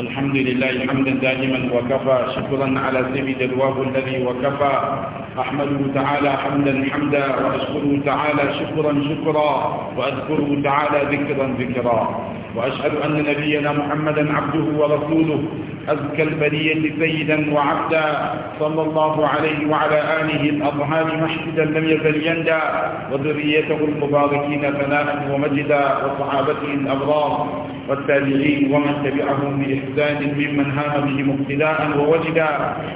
الحمد لله حمدا دائما وكفى شكرا على سيد الواب الذي وكفى أحمده تعالى حمدا حمدا وأشكره تعالى شكرا شكرا وأذكره تعالى ذكرا ذكرا وأشهد أن نبينا محمدا عبده ورسوله أزكى البرية سيدا وعبدا صلى الله عليه وعلى آله الأطهار محشدا لم يزل يندى وذريته المباركين ثناء ومجدا وصحابته الأبرار والتابعين ومن تبعهم بإحسان ممن هام بهم ابتداء ووجدا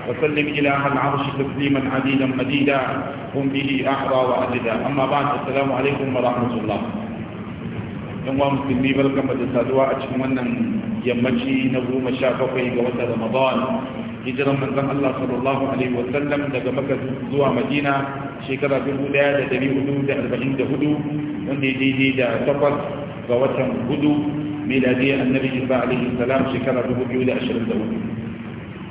وسلم إله العرش تسليما عديدا مديدا هم به أحرى وأجدا أما بعد السلام عليكم ورحمة الله yan wa musulmi barkan da saduwa a cikin wannan yammaci na goma sha bakwai ga watan ramadan hijiran manzon Allah sallallahu alaihi wa sallam daga maka zuwa Madina shekara dubu 1444 wanda ya daidai da takwas ga watan hudu miladiyar annabi Isa alaihi salam shekara dubu biyu da da ashirin hudu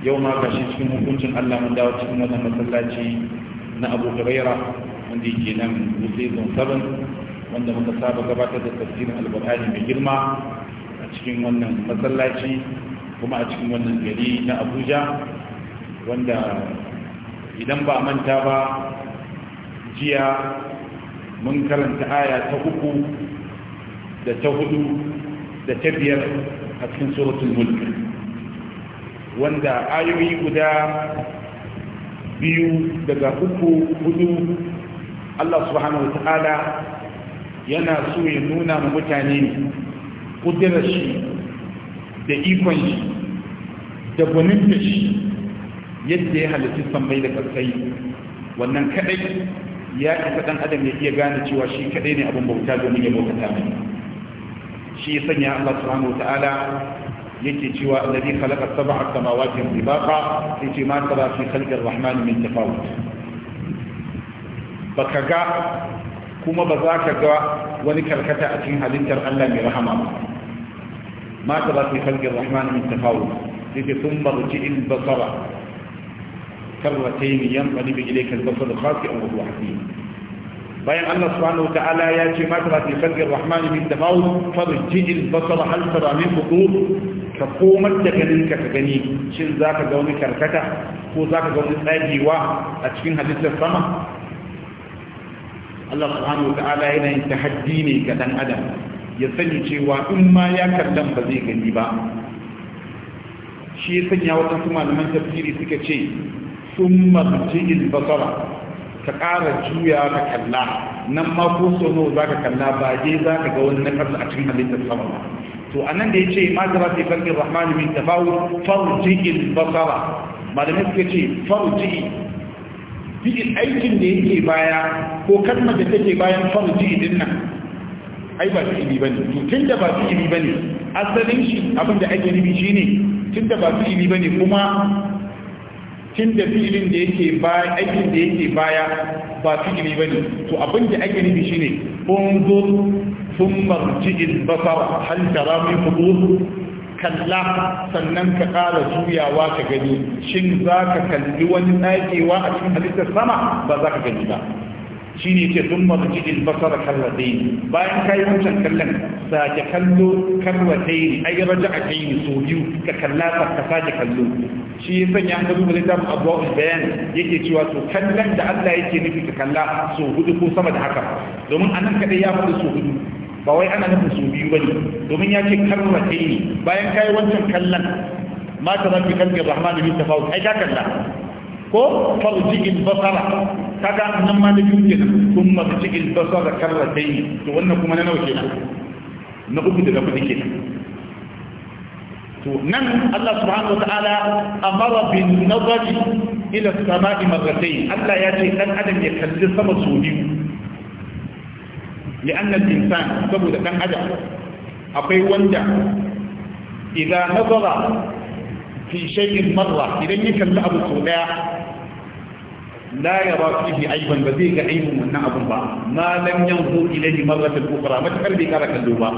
yau ma kashi cikin hukuncin Allah mun dawo cikin wannan masallaci na Abu Hurairah wanda yake nan Muslim 7 wanda muka saba gabatar da tafsirin alkur'ani mai girma a cikin wannan masallaci kuma a cikin wannan gari na abuja wanda idan ba manta ba jiya mun karanta aya ta uku da ta hudu da ta biyar a cikin suratul mulk wanda ayoyi guda biyu daga uku hudu Allah subhanahu wa ta'ala yana so ya nuna ma mutane kudirar shi da ikon shi da gwaninta shi yadda ya halittu sammai da kasai wannan kadai ya isa ɗan adam ya iya gane cewa shi kadai ne abin bauta domin ya bauta mai shi ya sanya Allah subhanahu wataala yake cewa alladhi khalaqa sab'a samawati tibaqa yace ma tara fi khalqi ar-rahman min tafawut baka ga kuma ba za ka ga wani karkata a cikin halittar Allah mai rahama ba ma ta ba fi halgin rahman min tafawul sai ce sun barci in basara karratain yanqalibu ilayka al-basaru khasi'an wa huwa hasib bayan Allah subhanahu wa ta'ala ya ce ma tara fi khalqi ar-rahman min tafawul farji al-basara hal tara min futur ka komar da ganinka ka gani shin zaka ga wani karkata ko zaka ga wani tsagewa a cikin halittar sama Allah subhanahu wa ta'ala yana yin tahaddi ne ga dan adam ya sani cewa in ma ya kallon ba zai gani ba shi ya sanya wata su malaman tafsiri suka ce sun marji'il basara ka ƙara juya ka kalla nan ma ko sono za ka kalla ba dai za ka ga wani nakas a cikin halittar sama ba to nan da ya ce ma zara fi farkin rahmanu min tafawu farji'il basara malamai suka ce farji'i fi'il aikin da yake baya ko kalmar da take bayan farji din nan ai ba fi'ili bane to da ba fi'ili bane asalin shi abin da ake nufi shine da ba fi'ili bane kuma da fi'ilin da yake baya aikin da yake baya ba fi'ili bane to abin da ake nufi shine unzur thumma rji'il basara hal tara min fudur kalla sannan ka kara juyawa ka gani shin za ka kalli wani ɗakewa a cikin halittar sama ba za ka gani ba shi ne ce sun masu cikin basar karratai bayan ka yi wancan kallon sake kallo karratai ne yi raja a kai ne so biyu ka kalla ka sake kallo shi ya sanya an gazu bala tamu abuwa bayan yake cewa to kallon da allah yake nufi ka kalla so hudu ko sama da haka domin anan kaɗai ya faɗi so hudu ba wai ana nufin su biyu bane domin ya ce karrate ne bayan kai wancan kallan ma ta rabbi kalbi rahman bin tafawut ai ka kalla ko farji il basara kaga nan ma da biyu kenan kuma farji cikin basara karrate ne to wannan kuma na nawa kenan na uku daga kudi kenan to nan Allah subhanahu wataala amara bin nazari ila samai marratayn Allah ya ce dan adam ya kalli sama su biyu لأن الإنسان سبب كان أجل أقوي وندا إذا نظر في شيء مرة إذا يكن لأبو سوداء لا يرى فيه عيبا بذيك عيب من أبو الله ما لم ينظر إليه مرة أخرى ما تقلبي كارك اللوبة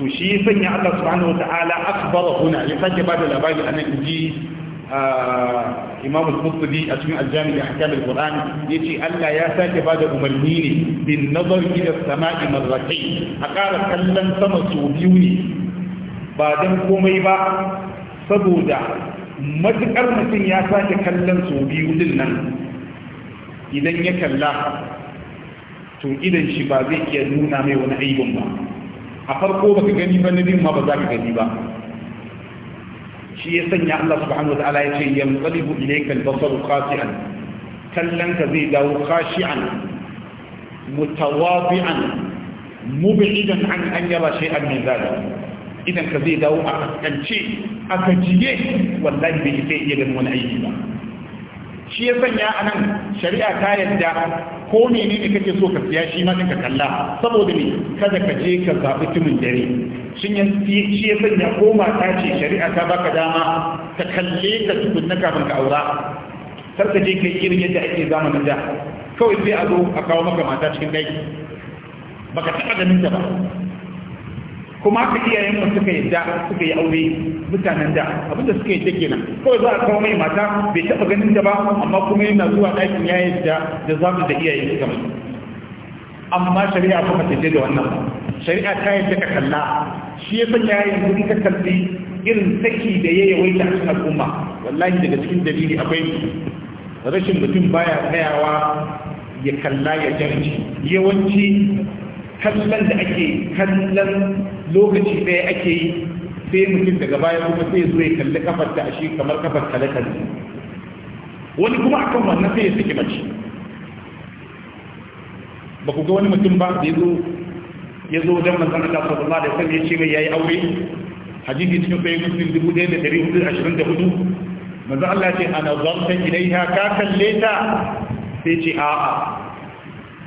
تشيفني الله سبحانه وتعالى أكبر هنا يسجل بعد الأبائل أن يجي imam al-qurtubi a cikin al-jami' ahkam al-qur'an yace Allah ya sake bada umarni ne bin nazar ila samai marratayn a ƙara kallon sama su biyu ne ba dan komai ba saboda matukar mutum ya sake kallon su biyu din nan idan ya kalla to idan shi ba zai iya nuna mai wani aibin ba a farko baka gani ba na ma ba za ka gani ba shi ya sanya Allah subhanahu wa ya ce yanqalibu ilayka al-basaru khasi'an kallanka zai dawo khashi'an mutawadi'an mub'idan an an yara shay'an min zalik idan ka zai dawo a kance a gajiye wallahi bai sai iya ganin wani aiki ba shi ya sanya a nan shari'a ta yadda ko ne ne kake so ka siya shi ma ka kalla saboda ne kada ka je ka zaɓi tumin dare shin ya shi ya sanya ko mata ce shari'a ta baka dama ka kalle ka tukunna kafin ka aura kar ka je kai irin yadda ake zamanin da kawai sai a zo a kawo maka mata cikin Ba baka taɓa ganin ta ba kuma ka iyayen mu suka yarda da suka yi aure mutanen da abinda suka yi ke nan kawai za a kawo mai mata bai taba ganin da ba amma kuma yana zuwa ɗakin ya yi da da mu da iyayen suka mai amma shari'a ka ta da wannan shari'a ta yi ka kalla shi ya sanya yi in ka kalli irin saki da ya yawaita a cikin al'umma wallahi daga cikin dalili akwai rashin mutum baya tsayawa ya kalla ya jarci yawanci kallon da ake kallon lokaci ɗaya ake yi sai mutum daga baya kuma sai zo ya kalli kafar ta shi kamar kafar kalakar wani kuma akan wannan sai ya saki mace ba ku ga wani mutum ba da ya zo ya zo wajen manzan Allah sallallahu alaihi wasallam ya ce mai yayi aure hadisi cikin ashirin muslim hudu manzan Allah ya ce ana zanta ilaiha ka kalle ta sai ce a'a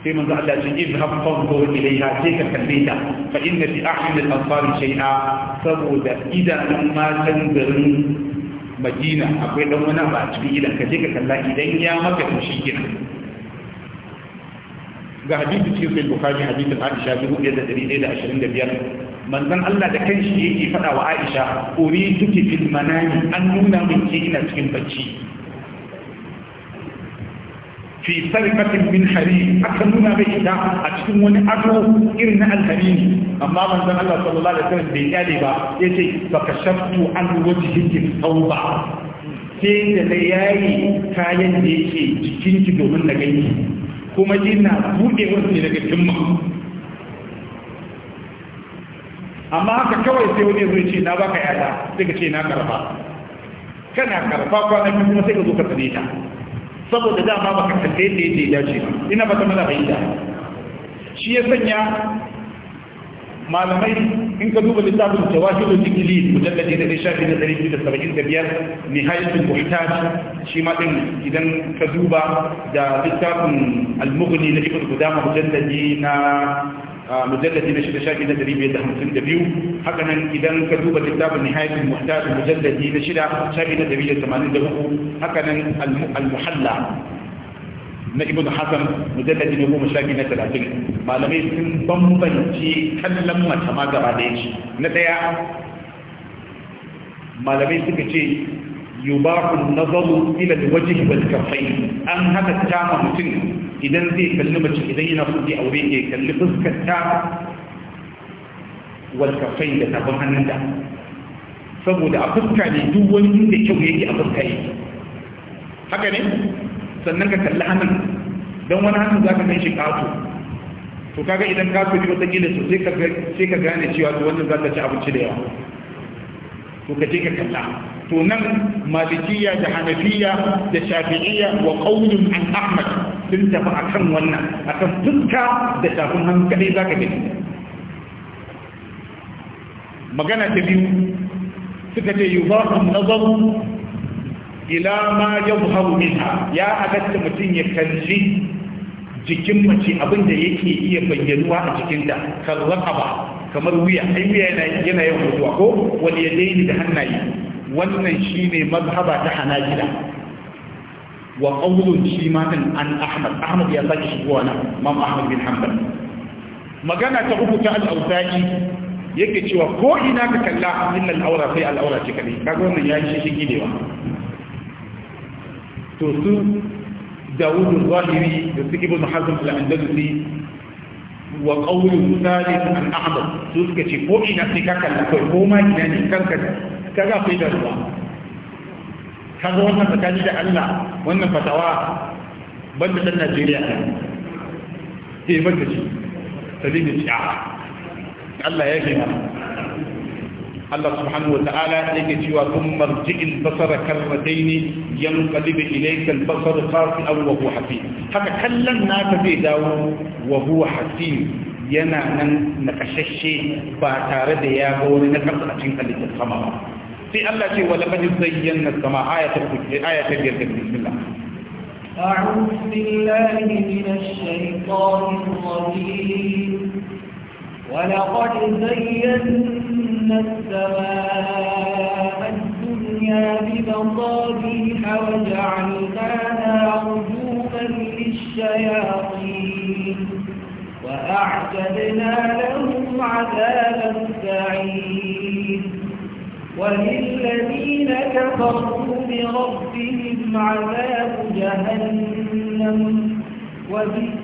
sai manzo Allah ce izhab fanzur ilaiha sai ka kalle ta fa inna fi ahli al-ansar shay'a saboda idanun matan garin Madina akwai dan wani ba a cikin idan ka je ka kalla idan ya maka to shi kenan ga hadisi cikin sai bukhari hadisin aisha 1125 manzon Allah da kanshi yake faɗa wa aisha uri tuki fil manami an nuna min ke ina cikin bacci fi sarkatin min hari aka nuna mai ita a cikin wani ado irin na ne amma ban zan Allah sallallahu alaihi wasallam bai kyale ba yace fa kashaftu an wajhihi tauba sai da na yayi kayan da yake jikinki domin na gani kuma ina buɗe wasu daga jimma. amma haka kawai sai wani zai ce na baka yada sai ka ce na karba kana karba kwana kuma sai ka zo ka tsare ta saboda dama ka tafiye da yadda ya dace ina ba ta mana da shi ya sanya malamai in ka duba littafin tawakilun jikili mujallaji da shafi na ni haifin muhtaj shi ma ɗin idan ka duba da littafin al-mughni na ibn qudama mujallaji na mujalladi na shida shafi na dari biyar da hamsin da biyu haka idan ka duba littafin nihayatul muhtaj mujalladi na shida shafi na dari da tamanin da uku haka nan al-muhalla na ibn hasan mujalladi na goma shafi na talatin malamai sun kallon na ɗaya malamai suka ce yubahu nazaru ila alwajh wal kaffayn an haka tama mutum idan zai kalli mace idan yana so zai aure ke kalli fuskar ta wal kaffayn da tafin hannunta saboda a fuska ne duk wani inda kyau yake a fuska yake haka ne sannan ka kalli hannun don wani hannun za ka gan shi kato to kaga idan kato ne wata gida sosai sai ka gane cewa to wannan zaka ci abinci da yawa to ka je ka kalla to nan malikiya da hanafiya da shafi'iyya wa qaulun an ahmad sun tafi akan wannan akan fuska da tafin hankali zaka gani magana ta biyu suka ce yuzahu nazaru ila ma yadhharu minha ya da mutum ya kalli jikin mace abin da yake iya bayyanuwa a jikinta kan ba. kamar wuya ai wuya yana yin mutuwa ko wani ya daini da hannaye wannan shine mazhaba ta hanajila wa qawlun shi ma an ahmad ahmad ya saki shi na mam ahmad bin hanbal magana ta uku ta al-awza'i yake cewa ko ina ka kalla a al-awra sai al-awra ce kadai kaga wannan ya shi shi ne wa to su dawudu zahiri da su ibn hazm al-andalusi wa qawlu thalith an ahmad su suka ce ko ina sai ka kalla kai ko ma ina ne kanka kaga kai da ruwa Ka kaga wannan tsakani da Allah wannan fatawa banda dan Najeriya ne sai eh, banda shi sabbi da shi Allah ya gina Allah subhanahu wa ta'ala yake cewa kun marji'in basara karrataini yanqalibu ilayka al-basaru qasi'an an huwa hafi haka kallon naka zai dawo wa huwa yana nan nakashashe ba tare da ya ga wani nakas a cikin halittar sama ba sai Allah ce wa laqad na sama ayatul kursi ayatul biyar bismillah أعوذ بالله من الشيطان الرجيم ولقد زينا السماء الدنيا بمصابيح وجعلناها رجوما للشياطين وأعتدنا لهم عذاب السعير وللذين كفروا بربهم عذاب جهنم وبئس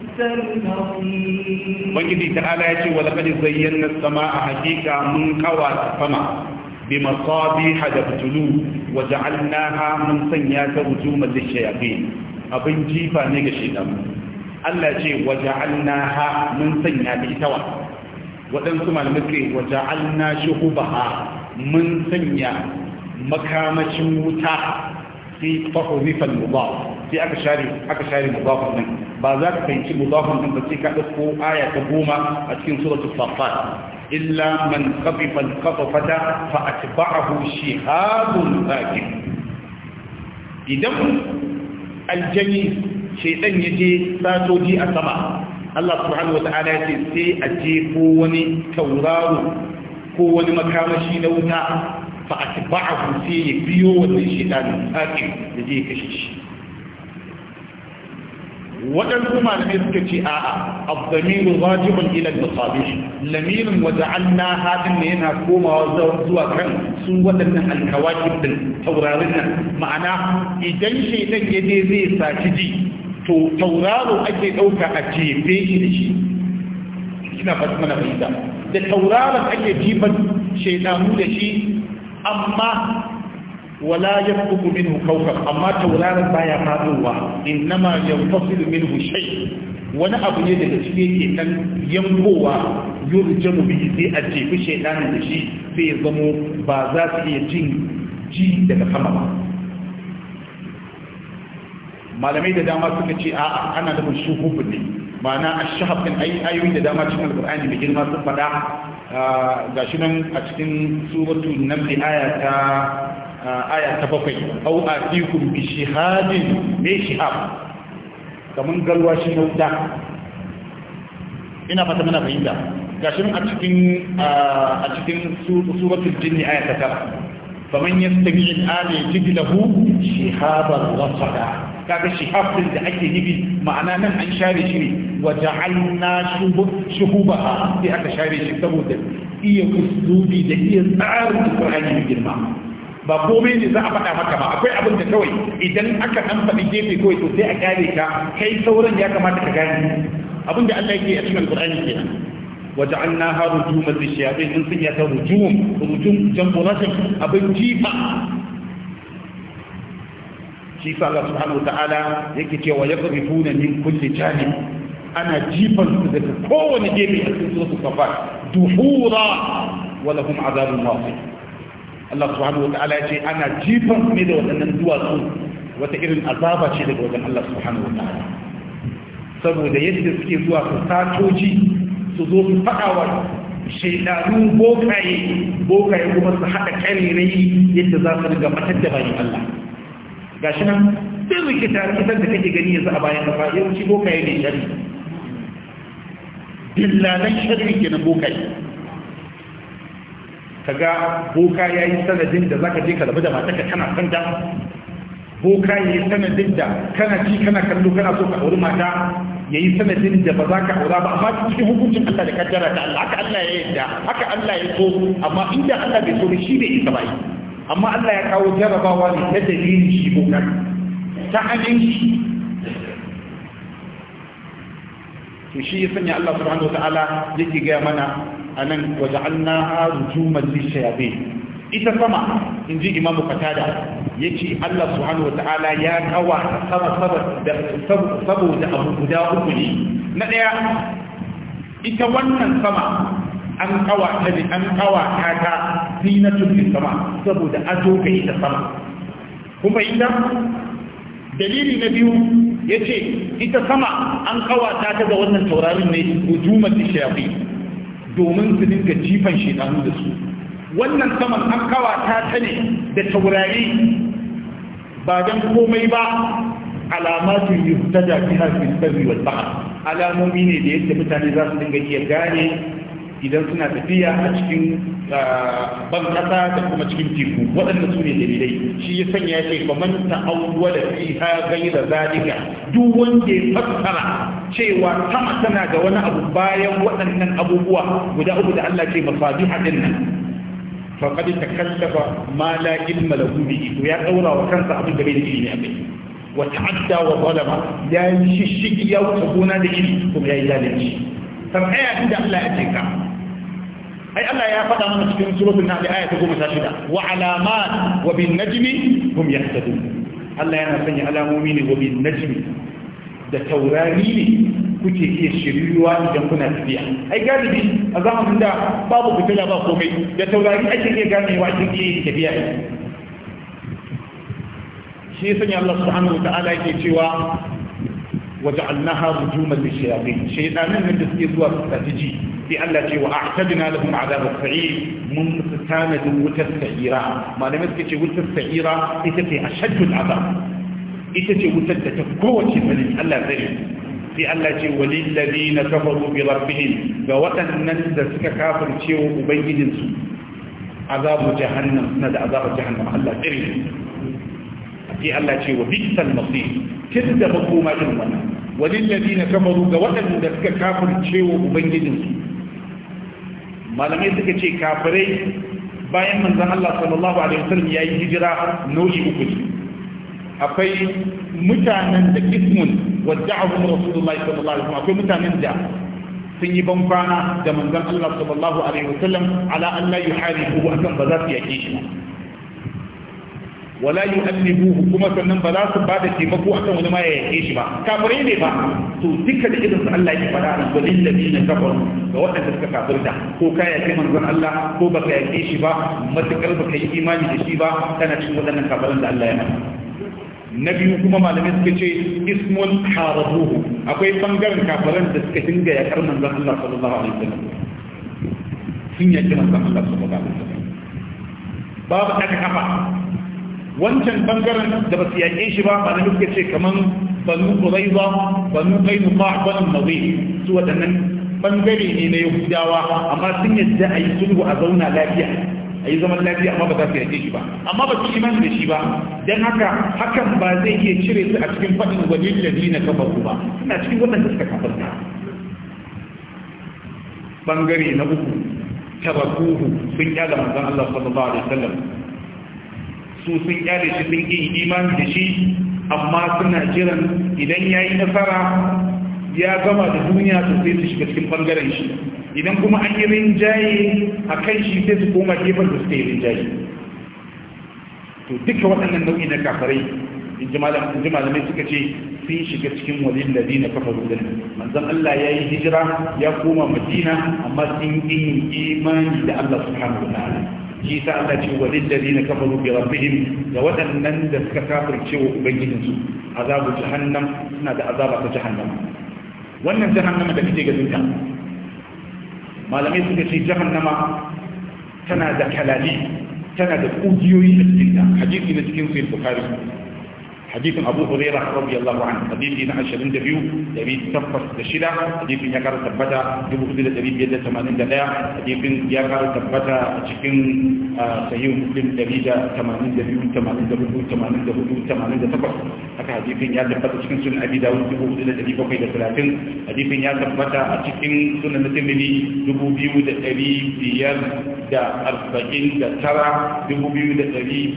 Ubangiji ta'ala ya ce wa laƙadi na sama a hakika mun kawa sama bi masabiha da fitulu wa ja'alnaha mun sanya ta hujuman da shayafi abin jifa ne ga shaidan Allah ce wa ja'alnaha mun sanya ta ita waɗansu malamai ce wa shi shuhubaha mun sanya makamashin wuta fi fahurifan mubaf sai aka share aka share ba za ka fahimci mudafin din ba sai ka dauko aya ta goma a cikin suratu safat illa man qafifa al-qafata fa atba'ahu shihabun thaqib idan aljani shaytan yaje satoji a sama Allah subhanahu wata'ala ya ce sai a je ko wani tauraro ko wani makamashi na wuta fa atba'ahu sai ya biyo wannan shaytan thaqib da je kashe shi waɗansu malamai suka ce a'a abdamiru wajibun ila al-musabih lamirin na haɗin ne yana komawa zuwa kan sun waɗannan alkawakib din taurarin nan ma'ana idan shaitan ya je zai saci ji to tauraro ake ɗauka a jefe shi da shi ina fata mana fahimta da tauraron ake jifan shaitanu da shi amma wala yafqutu minhu kawkab amma tauraron baya faduwa innama yanfasilu minhu shay wani abu ne daga cikin yake dan yankowa yurjamu bihi sai a jefi shaytanin da shi sai ya zamo ba za su iya jin ji daga sama ba malamai da dama suka ce a ana da shuhubun ne ma'ana ashhab din ayoyi da dama cikin alqur'ani mai girma sun faɗa nan a cikin suratul naml aya aya ta bakwai au atikum bi shihadin bi shihab kaman galwa shi na wuta ina fata muna fahimta gashin a cikin a cikin suratul jinni aya ta tara faman yastami al'ami jidlahu shihaban rasada kaga shihab din da ake nufi ma'ana nan an share shi ne wa ja'alna shuhubaha sai aka share shi saboda iya uslubi da iya tsarin Qur'ani mai girma ba komai ne za a faɗa haka ba akwai abin kawai idan aka ɗan faɗi gefe kawai to a kyale ka kai sauran ya kamata ka gane abin da Allah yake a cikin Qur'ani kenan waja'alnaha rujuman lishayatin in sun yata rujum rujum jambu rajim abin jifa shi sa Allah subhanahu wa ta'ala yake cewa yaqrifuna min kulli janib ana jifan su daga kowane gefe a cikin suratul kafar duhura wa lahum azabun wasi Allah subhanahu wata'ala ya ce ana jifan ne da waɗannan duwatsu wata irin azaba ce daga wajen Allah subhanahu wata'ala saboda yadda suke zuwa su satoji su zo su faɗawa shaidanu bokaye bokaye kuma su haɗa karirai yadda za su riga matar da bayan Allah ga shi nan sai rikita kitar da kake gani yanzu a bayan kafa yawanci bokaye ne shari dillalan shari kenan bokaye kaga boka ya yi sanadin da zaka je ka rabu da mataka kana san ta boka ya yi sanadin da kana ci kana kallo kana so ka auri mata ya yi sanadin da ba za ka aura ba amma cikin hukuncin Allah da kaddara ta Allah haka Allah ya yarda haka Allah ya so amma inda Allah bai so shi bai isa ba amma Allah ya kawo jarabawa ne ta dalilin shi boka ta hanyar shi to shi ya sanya Allah subhanahu wa ta'ala yake gaya mana anan waja'alnaha rujuman lishayatin ita sama in ji imamu fatada ya ce Allah subhanahu wa ya kawa sama saboda abu guda uku ne na ɗaya ita wannan sama an kawa ta ne an kawa ta ta zinatun sama saboda ajo ga ita sama kuma ita dalili na biyu ya ce ita sama an kawa ta ta ga wannan taurarin ne hujuman shafi domin su dinga jifan shekaru da su wannan saman an ta ne da taurari ba don komai ba alamatu da biha fi sirri wal alamomi ne da yadda mutane za su dinga iya gane idan suna tafiya a cikin ban kasa da kuma cikin teku waɗanda su ne dalilai shi ya sanya ya ce ba man ta'awwa da gani da zalika duk wanda ya fassara cewa sama tana ga wani abu bayan waɗannan abubuwa guda uku da Allah ce mafadiha a nan faqad takallafa ma la ilma lahu to ya daura wa kansa abin da bai da ilimi a kai wa ta'adda wa zalama ya yi shishigi ya wuce gona da ilimi kuma ya yi zalunci tambaya inda Allah ya ce ka ai Allah ya faɗa mana cikin suratul nahl aya ta 16 wa alamat wa bin najmi hum yahtadun Allah yana sanya alamomi ne wa bin najmi da taurari ne kuke iya shiryuwa idan kuna tafiya ai galibi a zamanin da babu fitila ba komai da taurari ake iya ganewa ake iya tafiya shi sanya Allah subhanahu wa ta'ala yake cewa وجعلناها رجوما للشياطين شيطان من تسكير سوى تجي في الله شيء وأعتدنا لهم عذاب السعير من ستانة وتسعيرا ما لم يسكي وتسعيرا إتتي أشد العذاب إتتي وتسعيرا قوة من الله ذلك sai Allah ce walillazi na kafaru bi rabbihim ga waɗannan da suka kafirce wa ubangijin su azabu jahannam suna da azabu jahannam Allah tsiri sai Allah ce wa bisal masir kin da makoma irin wannan walillazina kafaru ga waɗanda suka kafirce cewa ubangijinsu malamai suka ce kafirai bayan manzon Allah sallallahu alaihi wasallam yi hijira nau'i uku ne akwai mutanen da ismun wadda'ahum rasulullahi sallallahu alaihi wasallam akwai mutanen da sun yi ban kwana da manzon Allah sallallahu alaihi wasallam ala an la yuharibu akan ba za su yake shi wala buhu kuma sannan ba za su ba da taimako akan wani ma ya yake shi ba kafirai ne ba to duka da irin su Allah ya fara ran walil ladina kafaru ga waɗanda suka kafirta ko ka yake manzon Allah ko ba ka yake shi ba matakar ba ka yi imani da shi ba kana cikin waɗannan kafirin da Allah ya maka na biyu kuma malamai suka ce ismul harabuhu akwai bangaren kafiran da suka dinga yakar manzon Allah sallallahu alaihi wasallam sun yaki manzon Allah sallallahu alaihi wasallam babu aka kafa wancan bangaren da ba su yaƙe shi ba malamai suka ce kamar banu ba banu kainu ba banu mazi su waɗannan bangare ne na yahudawa amma sun yadda a yi sulhu a zauna lafiya a yi zaman lafiya amma ba za su yaƙe shi ba amma ba su iman da shi ba don haka hakan ba zai iya cire su a cikin faɗin wajen da ni dina kafaru ba suna cikin wannan da suka kafarta bangare na uku tabakuhu sun kyala manzon Allah sallallahu alaihi wasallam su sun kyale shi sun yi imani da shi amma suna jiran idan ya yi nasara ya gama da duniya sosai su shiga cikin bangaren shi idan kuma an yi rinjaye a kan shi sai su koma gefen da suka yi rinjaye to duka waɗannan nau'i na kafarai in ji malamai suka ce sun shiga cikin walin da dina kafa rudin manzan Allah ya yi hijira ya koma madina amma sun yi imani da Allah subhanahu wa ta'ala shi sa Allah ce wa lillazina kafaru bi rabbihim ga waɗannan da suka kafirce wa ubangijin su azabu jahannam suna da azaba ta jahannam wannan jahannama da kake ganin malamai suka ce jahannama tana da kalali tana da kugiyoyi a cikin ta hadisi na cikin sahih bukhari hadisin abu hurairah radiyallahu anhu hadisi na 22 da bi tabbas da shida hadisin ya kara tabbata 4581 hadisin ya kara tabbata a cikin sahih muslim 182 84 88 haka hadisin ya tabbata cikin sunan abi dawud 4730 hadisin ya tabbata a cikin sunan tirmidhi 2500 da arba'in da tara dubu biyu da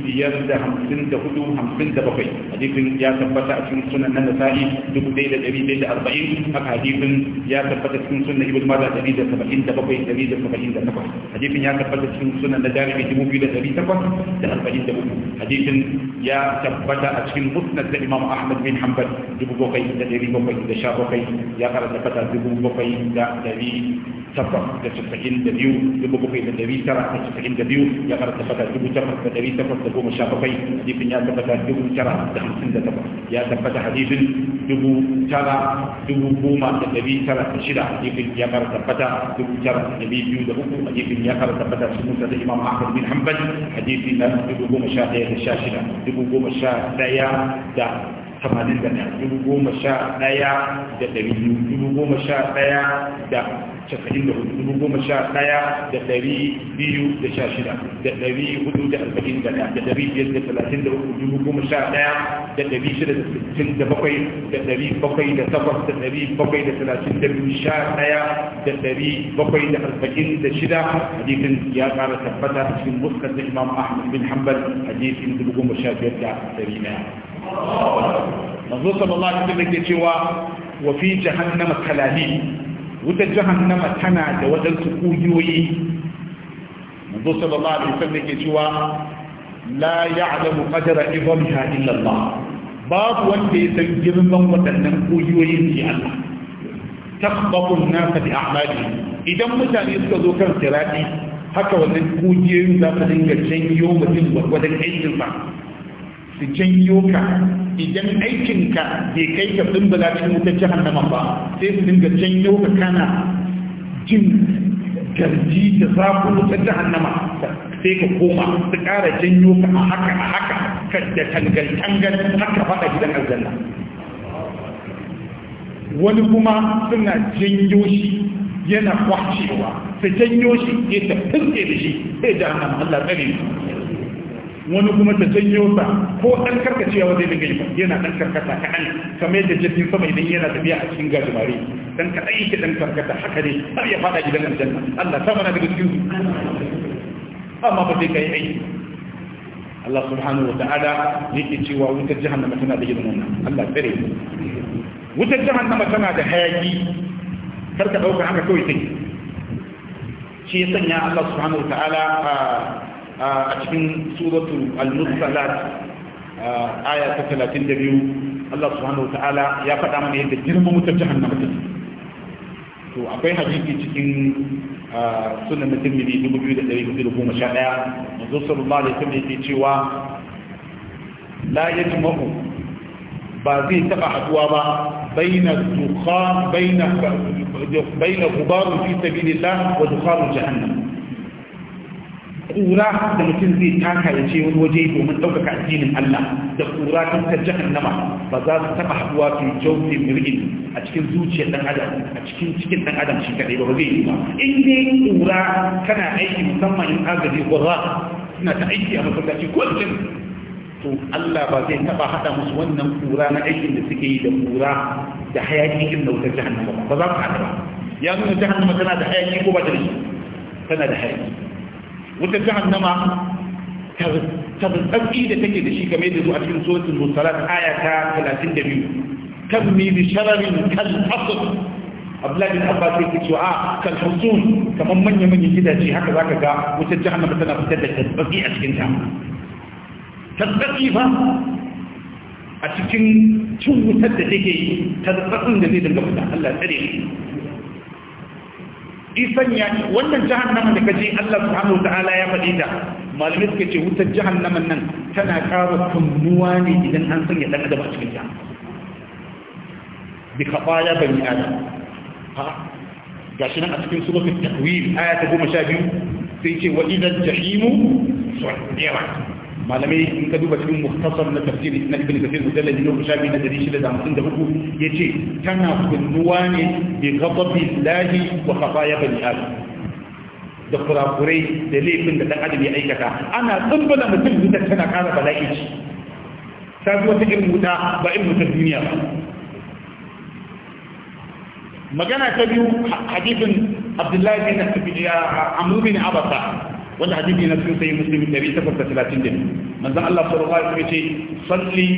biyar da hamsin da hudu hamsin da bakwai hadisin ya tabbata a cikin sunan nan da sa'i dubu ɗaya da ɗari ɗaya da arba'in haka hadisin ya tabbata cikin sunan ibn maza ɗari da saba'in da bakwai ɗari da saba'in da takwas hadisin ya tabbata cikin sunan na jarumi dubu biyu da ɗari takwas da arba'in da uku hadisin ya tabbata a cikin musnad da imam ahmad bin hanbal dubu bakwai da ɗari bakwai da sha bakwai ya kara tabbata dubu bakwai da ɗari takwas da casa'in da biyu dubu bakwai da dari tara da casa'in da biyu ya kara tabbata dubu takwas da dari takwas da goma sha bakwai hadisin ya tabbata dubu tara da hamsin da takwas ya tabbata hadisin dubu tara dubu goma da dari tara da shida hadisin ya kara tabbata dubu tara da dari biyu da uku hadisin ya kara tabbata su musa da imam ahmad bin hanbal hadisin na dubu goma sha ɗaya da sha shida dubu goma sha ɗaya da tamanin da ɗaya dubu goma sha ɗaya da ɗari biyu dubu goma sha ɗaya da casa'in da hudu dubu goma sha ɗaya da ɗari biyu da sha shida da ɗari hudu da arba'in da ɗaya da ɗari biyar da talatin da hudu dubu goma sha ɗaya da ɗari shida da sittin da bakwai da ɗari bakwai da takwas da ɗari bakwai da talatin da biyu sha ɗaya da ɗari bakwai da arba'in da shida hadisin ya ƙara tabbata a cikin muskar da imam ahmad bin hanbal hadisin dubu goma sha biyar da ɗari ɗaya. Manzo sallallahu alaihi wasallam ke cewa wa fi jahannama kalalin Wuta jahannama tana da waɗansu ƙugiyoyi manzo sallallahu alaihi wasallam yake cewa la ya'lamu qadra idamha illa Allah babu wanda ya san girman waɗannan ƙugiyoyin ne Allah takhbaqu an-nasa bi a'mali idan mutane suka zo kan sirati haka wannan ƙugiyoyin za su dinga janyo mutum aikin ba? su janyo ka idan aikinka bai kai ka dimbala cikin wutar jahannama ba sai su dinga janyo ka kana jin garji da zafi wutar jahannama sai ka koma su ƙara janyo ka a haka a haka da tangal-tangal haka faɗa gidan aljanna wani kuma suna janyo shi yana kwacewa su janyo shi ya tafi da shi sai jahannama Allah tsare wani kuma ta janyo sa ko dan karkacewa wajen da gaifa yana dan karkata kaɗan kamar yadda jirgin sama idan yana tafiya a cikin gajimare dan kaɗan yake dan karkata haka ne har ya fada gidan aljanna Allah ta mana daga cikin amma ba zai kai aiki Allah subhanahu wa ta'ala yake cewa wutar jahannama tana da gidan wannan Allah tsare wutar jahannama tana da hayaki karka dauka haka kawai take shi ya sanya Allah subhanahu wa ta'ala ah, a cikin suratul al-mursalat aya ta 32 Allah subhanahu ya faɗa mana yadda girman wutar jahannama take to akwai hadisi cikin sunan mutumini 2411 manzo sallallahu alaihi wasallam yake cewa la yajma'u ba zai taba haduwa ba baina dukhan baina baina gubarun fi sabilillah wa dukhan jahannam ƙura da mutum zai taka ya ce wani waje domin ɗaukaka addinin Allah da ƙura ta ta nama, ba za su taɓa haɗuwa su jaufe mirgin a cikin zuciyar ɗan adam a cikin cikin ɗan adam shi kaɗai ba zai yi ba in dai ƙura kana aiki musamman in agaji ƙura suna ta aiki a masallaci ko da to Allah ba zai taɓa haɗa musu wannan ƙura na aikin da suke yi da ƙura da hayaƙi irin da wutar jahannama ba ba za su haɗa ba ya nuna jahannama tana da hayaƙi ko ba da shi tana da hayaƙi Wata jahannama tabbatsi da take da shi game da zuwa cikin suratul musalat aya ta 32 tammi bi shararin kal asr abdullahi bin abbas yake cewa ah, kan husun kamar manyan manyan gidaje haka zaka ga wata jahannama tana fitar da tabbatsi a cikin ta tabbatsi fa a cikin cin wutar da take tabbatsin da zai dinga fita Allah tsare shi isan ya wannan jahannaman da kaje Allah subhanahu wataala ya faɗi ta malamai suka ce wutar jahannaman nan tana ƙara kunnuwa ne idan an sanya ɗan adam a cikin ta bi kafaya bani adam ha gashi nan a cikin suratul takwir aya ta 12 sai ce wa idan jahimu su'ira malamai in ka duba cikin muktasar na tafsiri na ibn kathir mujallal na goma shafi na dari shida da hamsin da uku ya ce tana kunnuwa ne bi ghadabi lahi wa khafaya bani adam da kurakurai da laifin da dan adam ya aikata ana tsumbala mutum da tana kara bala'i ci ta zuwa ta irin wuta ba irin wutar duniya ba magana ta biyu hadisin abdullahi bin abdullahi bin abasa wanda hadisi na cikin sayi ɗari takwas da muslim 832 manzon Allah sallallahu alaihi wasallam ce salli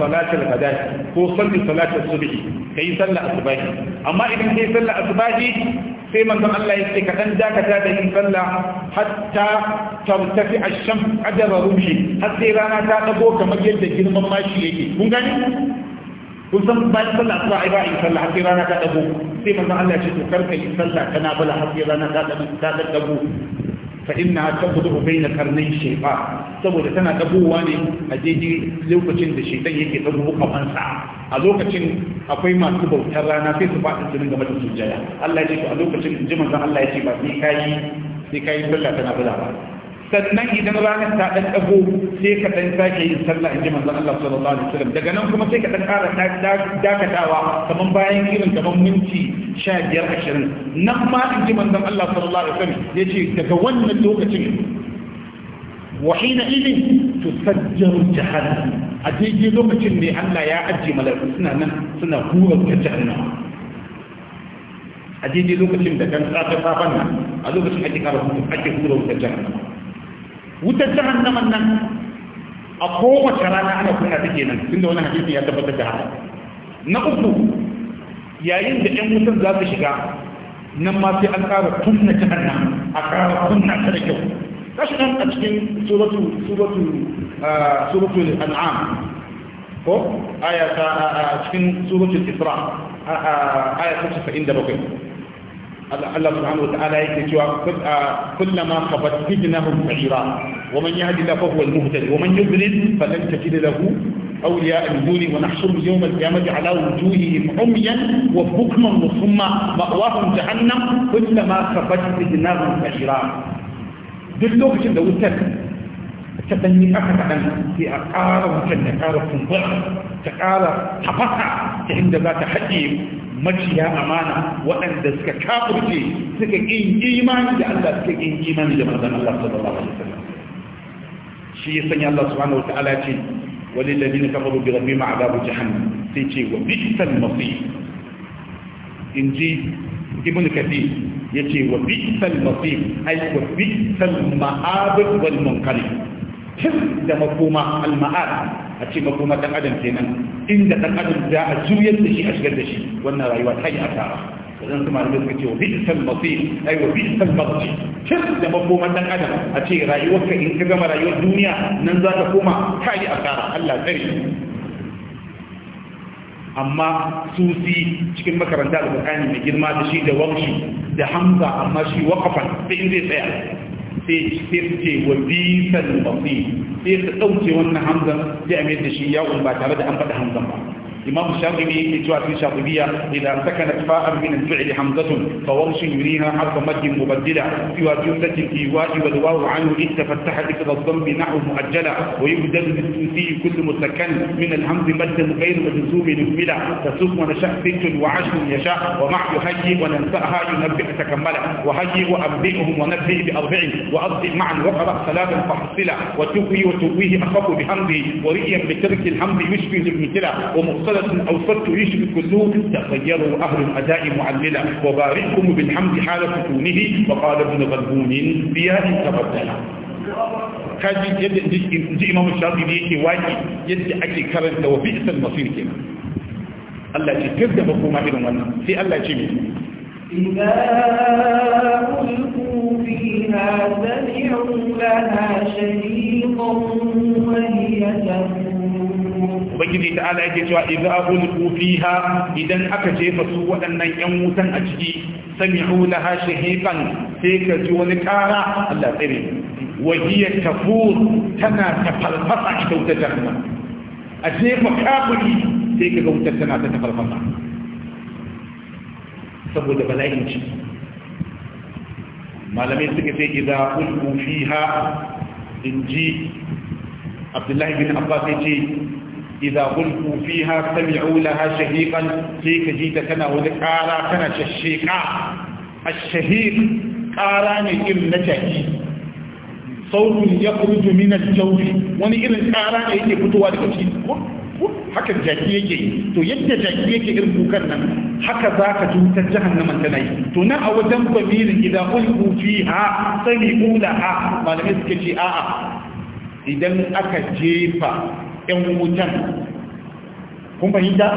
salatul ghadati ko salli salatul subhi kai sallah asbahi amma idan kai sallah asbahi sai manzon Allah ya ce ka dan dakata da yin sallah hatta tamtafi ash-shams ajaba ruhi har sai rana ta dago kamar yadda girman mashi yake kun gani kun san bayan sallah asuba ai ba in sallah har sai rana ta dago sai manzon Allah ya ce to karka yi sallah kana bala har sai rana ta dago ta dago fa inna tabudu baina karnai shaytan saboda tana dabowa ne a daidai lokacin da shaytan yake dago kafansa a lokacin akwai masu bautar rana sai su faɗi su dinga mata sujjada Allah ya ce a lokacin in Allah ya ce ba sai kai sai kai sallah tana bula ba sannan idan ranar ta ɗan ɗago sai ka ɗan sake yin sallah in ji manzon Allah sallallahu alaihi wasallam daga nan kuma sai ka ɗan ƙara dakatawa kamar bayan irin kamar minti sha biyar ashirin nan ma in ji manzon Allah sallallahu alaihi wasallam ya ce daga wannan lokacin وحين إذن تفجر جهنم أتيجي لوكة اللي ألا يا أجي ملاك سنة سنة هورة جهنم أتيجي لوكة اللي كان ساعة سابنا ألوكة اللي كان ساعة هورة جهنم wutar jahannaman nan a kowace rana ana kunna ta kenan tunda wani hadisi ya tabbatar da haka na uku yayin da ƴan wutar za su shiga nan ma sai an ƙara kunna jahannam a ƙara tunna ta da kyau shi nan a cikin suratu suratu suratu al'am ko aya ta cikin suratu isra aya ta 77 الله سبحانه وتعالى يقول آه، كلما خبتهم سعيرا ومن يهد الله فهو المهتد ومن يضلل فلن تجد له أولياء الدون ونحشر يوم القيامة على وجوههم عميا وبكما وصما مأواهم جهنم كلما خبت فتناهم سعيرا دلوك جدا وتك تبني أحد أن في أقارب جنة أقارب تنبع تقارب تبقى عند ذات حجيب maciya amana waɗanda suka kafurce suka ƙin imani da Allah suka ƙin imani da manzon Allah sallallahu alaihi wasallam shi ya sanya Allah subhanahu wataala ce wani walil ladina kafaru bi rabbihim adabu jahannam sai ce wa bi'sal masir inji ibn ya ce wa bi'sal masir ai wa bi'sal ma'ab wal munkari, kin da makoma al ma'ab a ce makoma dan adam kenan inda ɗan adam za a juyar da shi a shigar da shi wannan rayuwa ta yi asara idan su malamai suka ce wa bi'sal masir ai wa bi'sal marji kin da makoma ɗan adam a ce rayuwar ka in ka gama rayuwar duniya nan za ka koma ta yi asara Allah tsare amma susi cikin makaranta da bukani mai girma da shi da wamshi da hamza amma shi wakafan sai in zai tsaya sai sai wa bisal masir sai ka ɗauke wannan hamzan sai a mai da shi yawon ba tare da an faɗi hamzan ba إمام الشاطبي في جواز الشاطبية إذا سكنت فاء من الفعل حمزة فورش يريها حرف مد مبدلة سوى جملة في واجب والواو عنه إذ تفتحت إلى الضم نحو مؤجلة ويبدل بالثلثي كل مسكن من الهمز مد غير مجزوم مهملة تسوق ونشأ ست وعشر يشاء ومع يحيي وننسأها ينبئ تكملة وهيئ وأبدئهم ونبئ بأربع وأبدئ معا وقرأ ثلاثا فحصلة وتوفي وتوفيه أخف بحمده ورئيا بترك يشفي لابن المثلة ومقصد مفصلة أوصدت ريش بالكسور تخيروا أهل الأداء معللا وبارككم بالحمد حال سكونه وقال ابن غلبون بياء تبدلا kaji yadda inji imam shafi ne yake waki yadda ake karanta wa المصير masir الله Allah ce kirda ba kuma irin wannan sai Allah ce إذا ألقوا فيها سمعوا لها شهيقا وهي تفور ubangiji ta ala yake cewa idza ulqu fiha idan aka jefa su waɗannan yan wutan a ciki sami'u laha shahiqan sai ka ji wani kara Allah tsare wa hiya tafur tana ta tafalfasa ita wutar jahannam a jefa kafiri sai ka ga wutar tana ta tafalfasa saboda bala'in ci. malamai suka ce idza ulqu fiha inji abdullahi bin abbas ya ce إذا غلقوا فيها سمعوا لها شهيقا فيك جيت ne وذكارا na ششيقا الشهيق قاران إرن نتاكي صوت يخرج من الجوف وني إرن قاران يجي فتوى لكتين haka jaki yake to yadda jaki yake irin kukan nan haka za ka cutar tana yi to a wajen bamirin gida ulku fiha sani ulaha malamai suke ce a'a idan aka jefa 'yan wutan kun fahimta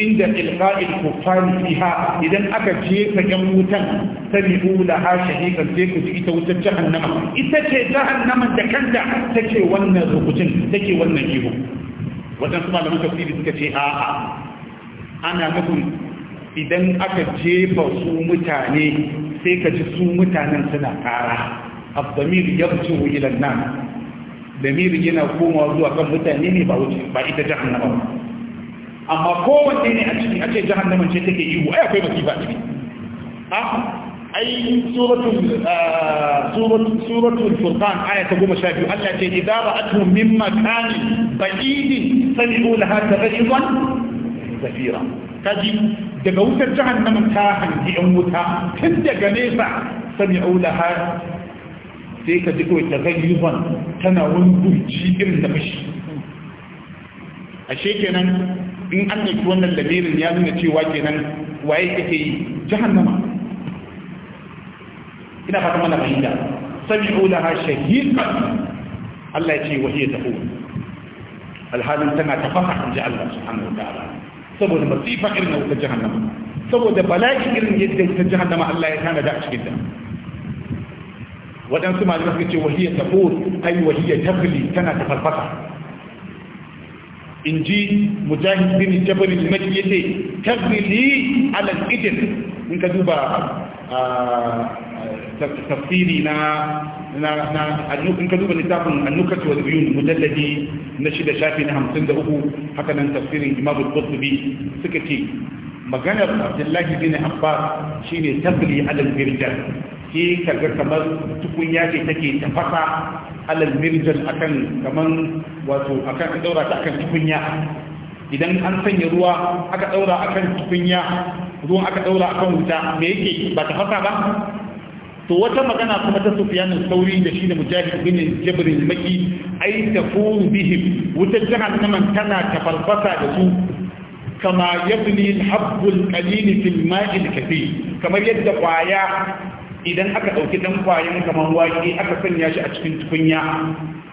inda ilqa'il kuffar fiha idan aka jefa yan wutan sami'u laha shahiqan sai ku ji ita wutar jahannama ita ce jahannama da kanta take wannan ta ke wannan ihu da malaman tafsiri suka ce a'a ana nufin idan aka jefa su mutane sai ka ji su mutanen suna kara abdamir yabtu ila nan lamirin yana komawa zuwa kan mutane ne ba wuce ba ita jahannama ba amma kowanne ne a ciki a ce jahannaman ce take ihu ai akwai masifa ciki a أي سورة آه سورة سورة الفرقان آية تقوم شافي التي إذا رأتهم من مكان بعيد سمعوا لها تغيظا زفيرا تجي دقوت جهنم تاهن في أمتها تندق نيسا سمعوا لها sai ka ji kawai tagayyufan tana wani burji irin da mashi ashe kenan in an ɗauki wannan lamirin ya nuna cewa kenan waye kake yi jahannama ina fata mana fahimta sami'u laha shahiqan Allah ya ce wa hiya tafu alhalin tana tafaha inji Allah subhanahu wa ta'ala saboda masifa irin na wuta jahannama saboda bala'i irin yadda ta jahannama Allah ya tanada a cikin ta waɗansu malamai suka ce wahiyya tafur ai wahiyya tabli tana tafarfasa in ji mujahid bin jabarin maki ya ce tabbili alal idil in ka duba ah, ah, tafsiri na in ka duba littafin annukatu wa biyun mujalladi na shida shafi na hamsin da uku haka nan tafsirin imamul qurtubi suka ce maganar abdullahi bin abbas shine tabbili alal irjal sai ka kamar tukun ce take tafasa alal mirjan akan kamar wato akan daura ta akan tukunya idan an sanya ruwa aka daura akan tukunya ruwan aka daura akan wuta me yake ba ta fasa ba to wata magana kuma ta sufiyanin sauri da shi da mujahid bin Jibril maki ai ta furu bihim wutar man tana farfasa da su kama yabni habbul qalil fil ma'il kathir kamar yadda kwaya idan aka ɗauki ɗan kwayan kamar wake aka sanya shi a cikin tukunya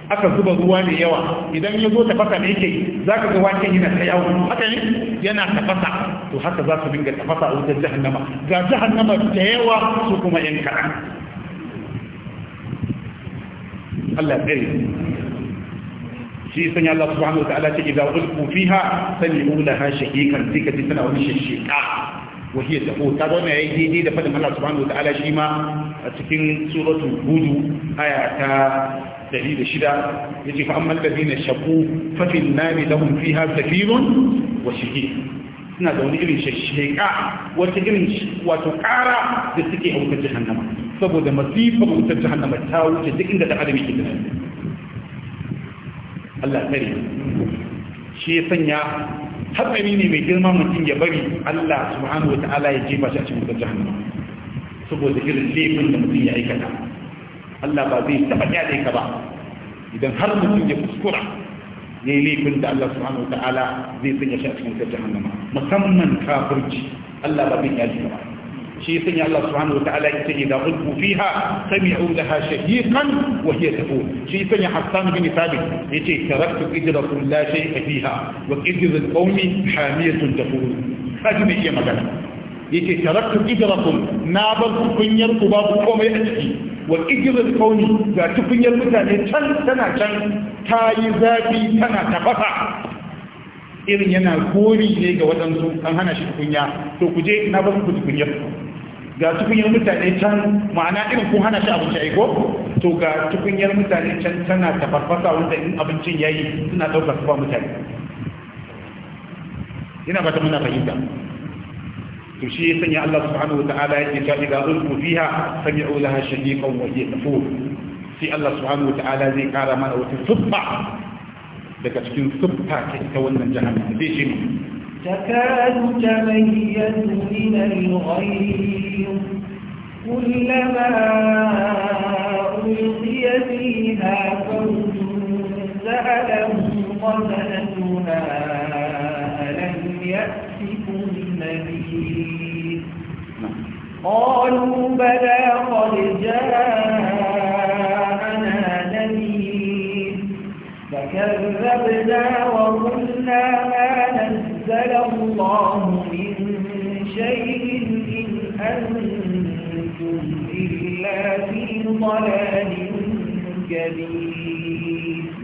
aka zuba ruwa da yawa idan ya zo tafasa mai ke, za ka ga waken yana ta yawo haka ne yana tafasa to haka za su dinga tafasa a wutar jahannama ga jahannama da yawa su kuma yan kaɗan Allah tsare shi sanya Allah subhanahu wa ta'ala ce idza ulqu fiha sami'u laha shaqiqan sai ka ji tana wani shashika وهي تقول تظن أيدي دي دفت الله سبحانه وتعالى شيما تكين سورة هود آية دليل شدة يجي فأما الذين شقوا ففي النار لهم فيها زفير وشهير suna da wani irin shasheka wata irin wato kara da suke a wutar jahannama saboda masifar wutar jahannama ta wuce duk inda da adam yake da Allah ya sanya hatsari ne mai girma mutum ya bari Allah subhanahu wata'ala ya jefa shi a cikin wutar jahannama saboda irin laifin da mutum ya aikata Allah ba zai taɓa kyale ka ba idan har mutum ya kuskura ya yi laifin da Allah subhanahu wata'ala zai sanya shi a cikin wutar jahannama musamman kafirci Allah ba zai kyale ka ba shi sun yi Allah subhanahu wa ta'ala ita idza ulqu fiha da laha shahiqan wa hiya tafur shi sun yi Hassan bin Thabit yace taraktu ijrakum la shay'a fiha wa ijrul qawmi hamiyatun tafur kaji ne iya magana yace taraktu ijrakum na bar kunyar ku babu komai a ciki wa ijrul qawmi ga tukunyar mutane can tana can ta yi zafi tana tafasa irin yana gori ne ga waɗansu an hana shi tukunya to ku je na ba ku tukunya ga tukunyar mutane can ma'ana irin kun hana shi abinci aiko to ga tukunyar mutane can tana tafarfasa wanda in abincin yi suna ɗaukar su ba mutane ina ba ta muna fahimta to shi ya sanya Allah subhanahu wa ta'ala yake cewa idza ulqu fiha sami'u laha shadiqan wa hiya tafur sai Allah subhanahu wa ta'ala zai kara mana wata subba daga cikin siffa ta wannan jahannama zai ce تكاد تميز من الغير كلما ألقي فيها فوج سألهم خزنتها ألم يأتكم نبي نعم. قالوا بلى قد جاء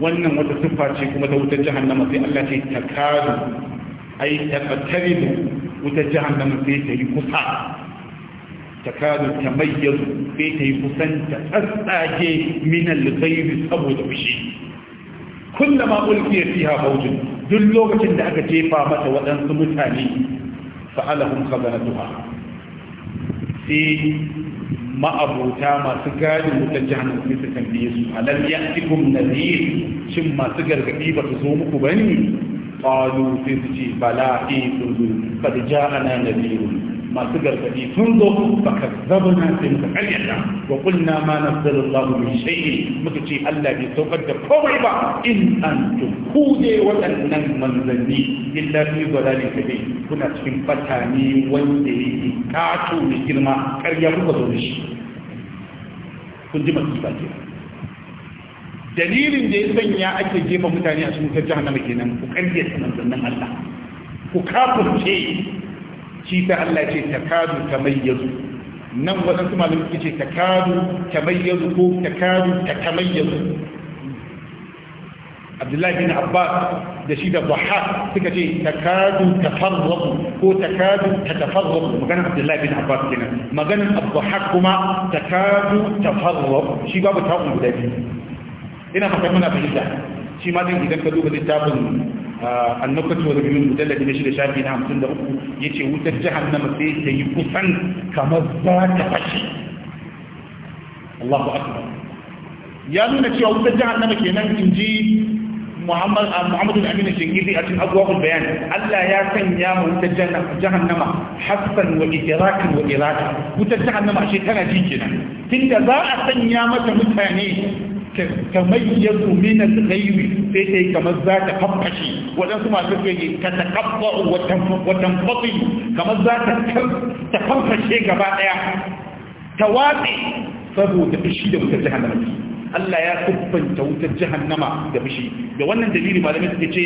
wannan wata siffa ce kuma ta wutar jahannama sai Allah ce ta karu ai ta qattaribu wutar jahannama sai ta yi kusa ta karu ta mayyazu sai ta yi kusan ta tsatsage minan al saboda fushi ma ulqiya fiha fawjun duk lokacin da aka jefa mata waɗansu mutane fa'alahum khazanatuha sai ma'abuta masu gadi wutar jahannam sai su tambaye su alam ya'tikum nadhir shin masu gargadi ba su zo muku ba ne? qalu sai su ce bala in sun zo qad ja'ana nadhirun masu gargadi sun zo ba baka zabana sai muka karyata wa kulna ma nazzala Allah min shay'in muka ce Allah bai saukar da komai ba in an ku ne waɗannan manzanni illa fi dalalin kabe kuna cikin fatani wanda yake kato mai girma karya kuka zo da shi kun ji masifa ke dalilin da ya sanya ake jefa mutane a cikin jahannama kenan ku karyata manzannin Allah ku kafirce shi ta Allah ce takadu tamayyazu nan waɗansu malamin suke ce takadu tamayyazu ko takadu tatamayyazu Abdullahi bin Abbas da shi da Bahar suka ce takadu tafarrabu ko takadu tatafarrabu maganar Abdullahi bin Abbas kenan maganar Abbahar kuma takadu tafarrabu shi babu ta'un guda biyu ina fata muna fahimta shi ma din idan ka duba littafin annabatu wa zabilun mujalladi na shida shafi na hamsin da uku ya ce wutar jahannama sai ta yi kusan kamar za ta fashe Allahu akbar ya nuna cewa wutar jahannama kenan in ji Muhammad Muhammadu Aminu Shingizi a cikin abubuwan bayan Allah ya sanya mu wutar jahannama hassan wa idrakin wa iraka wutar jahannama shi tana ji kenan tunda za a sanya mata mutane tamayyazu min al-ghayb sai ta kamar za ta kafashi waɗansu ma suke yi ka ta kafa watan fafi kamar za ta kafashe gaba ɗaya ta saboda fushi da wutar jahannama Allah ya kubbanta wutar jahannama da fushi da wannan dalili malamin suke ce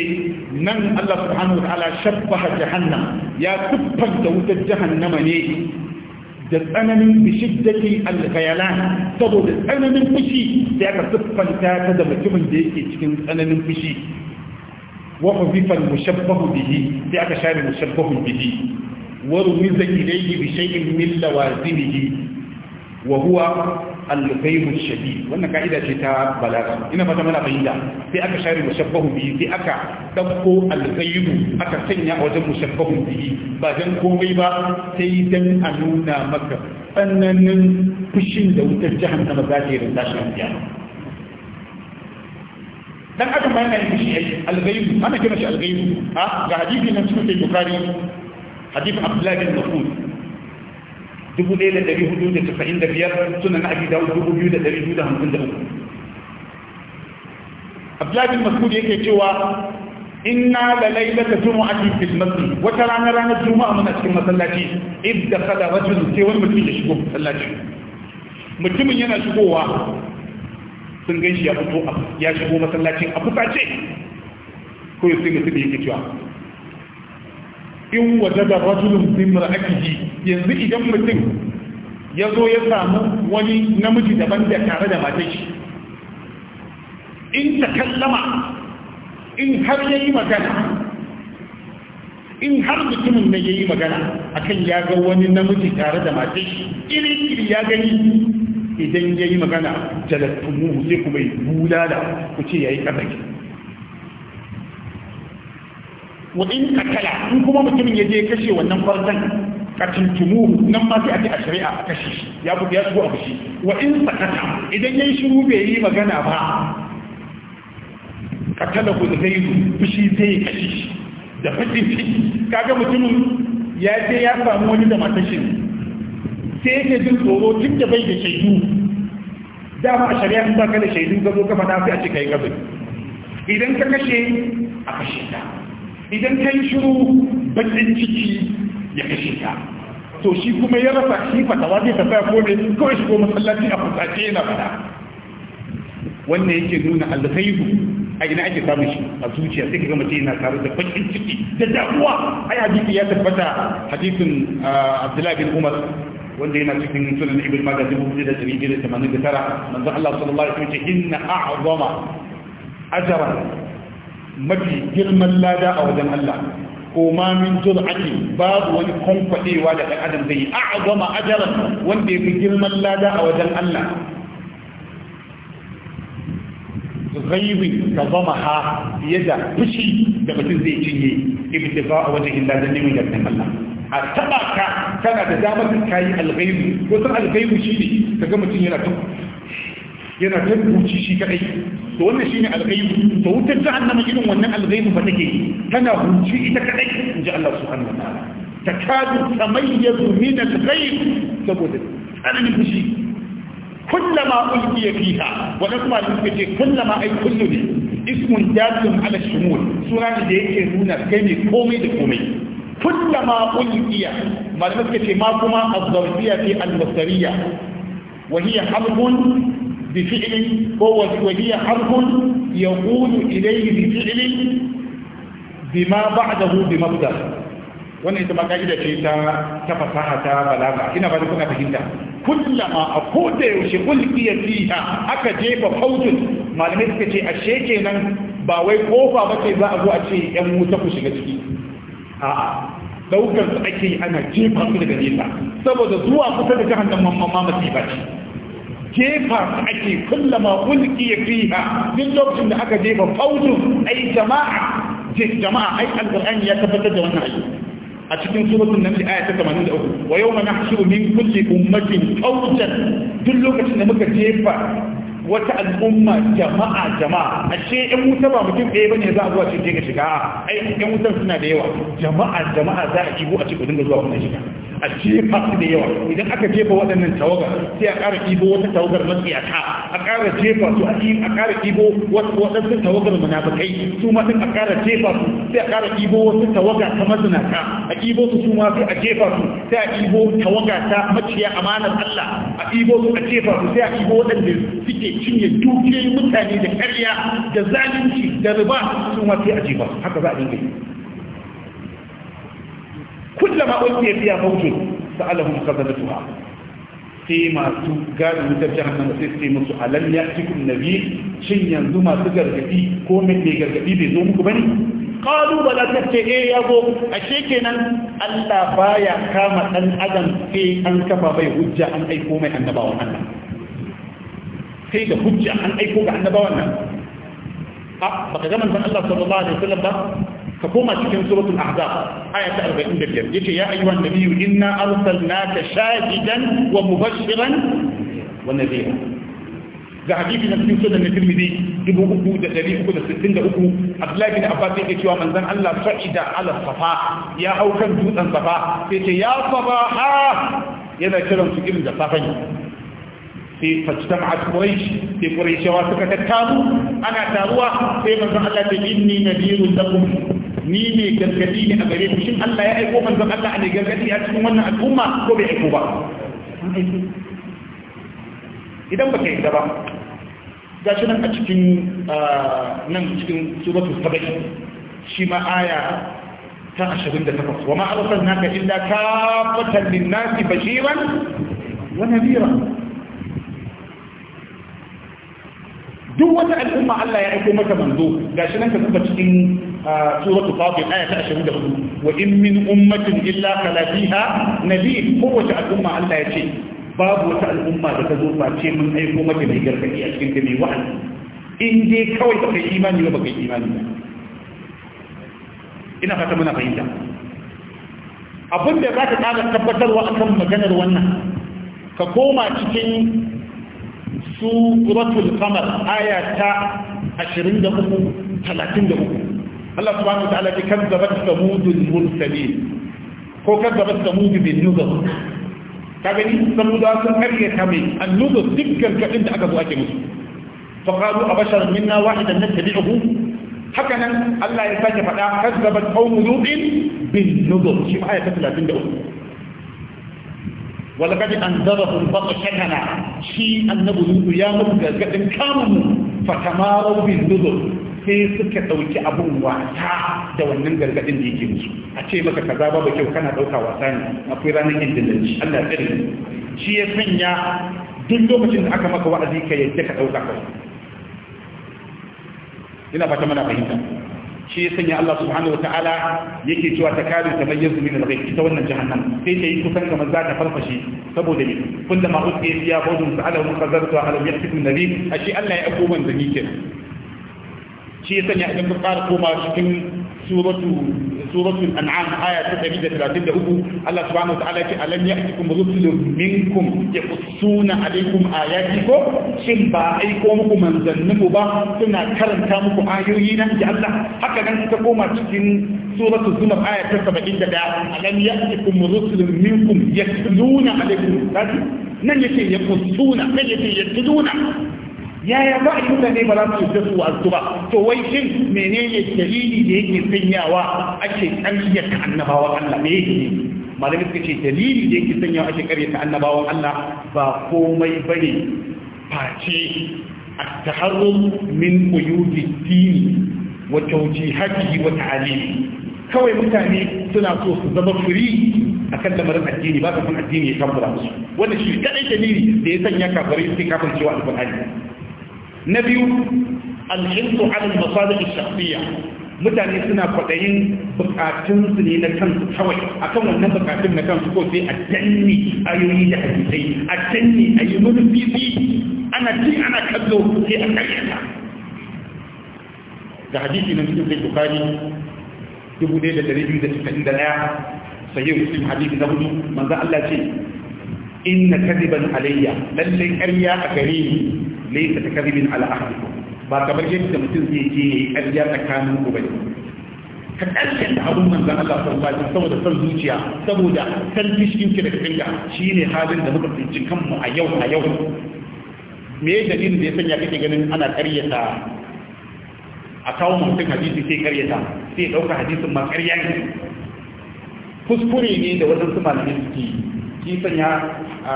nan Allah subhanahu wa ta'ala shabbaha jahannam ya kubbanta wutar jahannama ne da tsananin bishiddaki alkayalan saboda tsananin fushi da aka siffanta ta da mutumin da yake cikin tsananin fushi wa hufifa mushabbahu bihi sai aka share mushabbahu bihi wa rumiza ilayhi bi shay'in min lawazimihi wa huwa الغيب الشديد وانا قاعده جتا بلاغ انا بدا مالا بيندا في اكا شاير مشبه به في اكا دبو الغيب اكا سنيا وجه مشبه به بعدين كوي با سي دن انونا مك انن فشين ده وتا جهنم ما ذاتي رداش انت يا dan aka ma yana yin shi al-ghayb ana kina shi al-ghayb ha ga hadisi nan cikin bukhari hadisi abdullah bin mas'ud dubu ɗaya da ɗari hudu da tasa'in da biyar suna na abi dawo dubu biyu da ɗari biyu da hamsin da uku abdullahi masud yake cewa inna la laylata jumu'atin fil masjid wata rana ranar juma'a muna cikin masallaci idda kada rajul sai wani mutum ya shigo masallaci mutumin yana shigowa sun gan shi ya fito ya shigo masallacin a fusace ko sai mutum yake cewa in waje da rajulun zimra akiji yanzu idan mutum ya zo ya samu wani namiji daban da tare da matan shi in ta kallama in har ya yi magana in har mutumin na ya yi magana akan ya ga wani namiji tare da matan shi iri-iri ya gani idan ya yi magana jalattun mu zai kuma yi bulala ku ce ya yi ƙasashe wa in katala in kuma mutumin ya je kashe wannan farzan Ka tuntumu nan ma sai a ce a shari'a a kashe shi ya buɗe ya shigo a fushi wa in sakata idan yayi shiru bai yi magana ba katala ku zai yi fushi zai kashe shi da fashin ciki kaga mutumin ya je ya samu wani da matashin sai yake jin tsoro duk da bai da shaidu dama a shari'a ba ka da shaidu gabo kafa na sai a ce yi gabin idan ka kashe a kashe ta idan ka yi shiru bakin ciki ya kashe ka to shi kuma ya rasa shi fatawa zai tafiya ko ne kawai shigo masallaci a fusace yana fada wannan yake nuna alghaibu a ina ake samun shi a zuciya sai kaga mace yana tare da bakin ciki da damuwa ai hadisi ya tabbata hadisin ah, Abdullahi bin Umar wanda yana cikin sunan Ibn Majah dubu da dari da tamanin da tara manzo Allah sallallahu alaihi wasallam ya ce inna a'zama ajran mafi girman lada a wajen Allah ko ma min jur'ati babu wani kwankwadewa da ɗan adam zai yi a'zama ajaran wanda yafi girman lada a wajen Allah ghaibi ka zama ha fiye da fushi da mutum zai cinye ibtifa a wajen Allah da neman yardan Allah a taba ka kana da damar da kayi alghaibi ko san alghaibi shine kaga mutum yana ta yana ta buci shi kadai to wannan shine alghaibu to wutar ta jahannama irin wannan alghaibu fa take tana buci ita kadai inji Allah subhanahu wa ta'ala takadu tamayyazu min alghaib saboda tsananin fushi kullama ulqiya fiha wala kuma suka ce kullama ai kullu ne ismun jazim ala shumul sura ne da yake nuna kai ne komai da komai kullama ulqiya malamai suka ce ma kuma az-zarfiyya fi al-basariyya وهي حرب بفعل وهي حرف يقول إليه بفعل بما بعده بمبدأ wannan ita ma ka'ida ce ta ta fasaha ta balaga ina ba da kuna fahimta kullama a koda yaushe ulqiya fiha aka jefa fautun malamai suka ce ashe kenan ba wai kofa ba ce za a zo a ce yan wuta ku shiga ciki a'a daukar su ake ana jefa daga nesa saboda zuwa kusa da jahannan mamman ma jefa ake kullama ulki ya ha duk lokacin da aka jefa faujin ai jama'a jama'a ai alqur'ani ya tabbatar da wannan ayi a cikin suratul naml aya ta 83 wa yawma nahshuru min kulli ummatin fawjan duk lokacin da muka jefa wata al'umma jama'a jama'a ashe yan wuta ba mutum ɗaya ba ne za a zuwa cikin ga shiga ai yan wutan suna da yawa jama'a jama'a za a kibo a cikin dinga zuwa wannan shiga a jefa su da yawa idan aka jefa waɗannan tawagar sai a ƙara ɗibo wata tawagar matsiyaka a ƙara jefa su a ƙara ɗibo waɗansu tawagar munafukai su ma sun a ƙara jefa su sai a ƙara ibo wasu tawaga ta mazinaka a ɗibo su su ma sai a jefa su sai a ibo tawaga ta maciya amanar Allah a ibo su a jefa su sai a ibo waɗanda suke cinye dukiyoyin mutane da karya da zalunci da riba sun wafi a jiba haka za a dinga yi wani ya fiya sai masu gadi wutar jahannama sai sai musu alam ya cikin nabi shin yanzu masu gargadi ko mai gargadi bai zo muku bane qalu bala tace eh, ya yago ashe kenan Allah baya kama ɗan adam sai an kafa bai hujja an aiko mai annabawan Allah kai da hujja an aiko ga annabawan nan a baka ga manzon Allah sallallahu alaihi wasallam ba ka koma cikin suratul ahzab aya ta 45 yace ya ayyuhan nabiyyu inna arsalnaka shahidan wa mubashiran wa nadhira ga hadisi na cikin sunan Tirmidhi 3363 Abdullahi bin Abbas yake cewa manzon Allah sa'ida ala safa ya hau kan dutsen safa yace ya safa yana kiran su irin da safa ne في فاجتمعت قريش في قريش واسكة التابو أنا تاروى في من رأى الله نذير لكم نيني جلقتيني أغريب شم ألا يأيكو من رأى الله أني جلقتي أتكم أن الأمة كو بعقوبة إذا بكي إذا بكي ga shi nan a cikin nan cikin suratul sabai shi ma aya ta 28 wa ma arsalnaka illa kafatan lin-nasi bashiran duk wata al'umma Allah ya aiko mata manzo gashi nan ka zuba cikin ah, suratul fatir aya ta 24 wa in min ummatin illa kala fiha nabi kowace al'umma Allah ya ce babu wata al'umma da ta zo face mun aiko mata mai gargadi a cikin ta mai wa'azi in dai kawai baka yi imani ba baka yi imani ba ina fata muna fahimta abin da za ka ƙara tabbatarwa akan maganar wannan ka koma cikin سورة القمر آية 23 الله سبحانه وتعالى كذبت ثمود المرسلين كو كذب الثمود بالنذر كذلك ثمود أصلا أرية كمين النذر ذكر كأنت أكذو أكي مسلم فقالوا أبشر منا واحدا نتبعه حكنا الله يفاجف كذبت قوم نوح بالنذر شوف آية 30 ولقد أنذرهم بطشتنا شيء النبي يا مبقى قد كاموا فتماروا بالنذر sai suka ɗauki abun wasa da wannan gargaɗin da yake musu a ce maka kaza babu kyau kana ɗauka wasa ne akwai ranar indilanci Allah tsare shi ya sanya duk lokacin da aka maka wa'azi ka yadda ka ɗauka kai. ina fata mana fahimta shi ya sanya Allah subhanahu wataala yake cewa ta kare ta bayyana min al-ghayb ta wannan jahannan sai ta yi kusan kamar za ta farfashe saboda ni kullama usiya fiya bawdun sa'alahu muqazzartu ala yahtiku nabi shi Allah ya abubuwan da ni ke shi ya sanya idan ka fara koma cikin سورة سورة الأنعام آية 133 الله سبحانه وتعالى ألم يأتكم رسل منكم يقصون عليكم آياتكم شن بأيكم من ذنبوا با سنة كرم كامكم آيوين يا الله هكذا تقوم تكين سورة الزمر آية 70 ألم يأتكم رسل منكم يقصون عليكم نن يتي يقصون نن يتي يقصون Ya yaya ba a yi mutane ba za su yadda su wa'azu ba to wai shin menene dalili da yake sanyawa ake ƙaryata annabawan Allah me yake ne malamai suka ce dalili da yake sanyawa ake ƙaryata annabawan Allah ba komai bane face at-taharrum min quyudi dini wa tawjihatihi wa ta'alimi kawai mutane suna so su zama firi a kan lamarin addini ba su san addini ya kambura musu wanda shi kadai dalili da ya sanya kafirai sai kafin cewa alƙur'ani na biyu alhinsu alal masadar shafiya mutane suna kwaɗayin bukatunsu ne na kansu kawai a kan wannan bukatun na kansu ko sai a danne ayoyi da hadisai a danne a yi manufifi ana ci ana kallo sai a karyata da hadisi na cikin sai bukari 1291 sayyid muslim hadisi na hudu manzo Allah ce inna kadiban alayya lallai ƙarya a gare ni laysa takadhibin ala ahdikum ba kamar yadda mutum zai je yayi ƙarya tsakanin ku bane ka da abun manzon Allah sallallahu alaihi saboda son zuciya saboda san cikin ki da kanka shine halin da muka tsinci kanmu a yau a yau me ya dalilin da ya sanya kake ganin ana ƙaryata a kawo mutum hadisi sai ƙaryata sai ɗauka hadisin ma ƙarya ne kuskure ne da waɗansu malamin suke yi shi sanya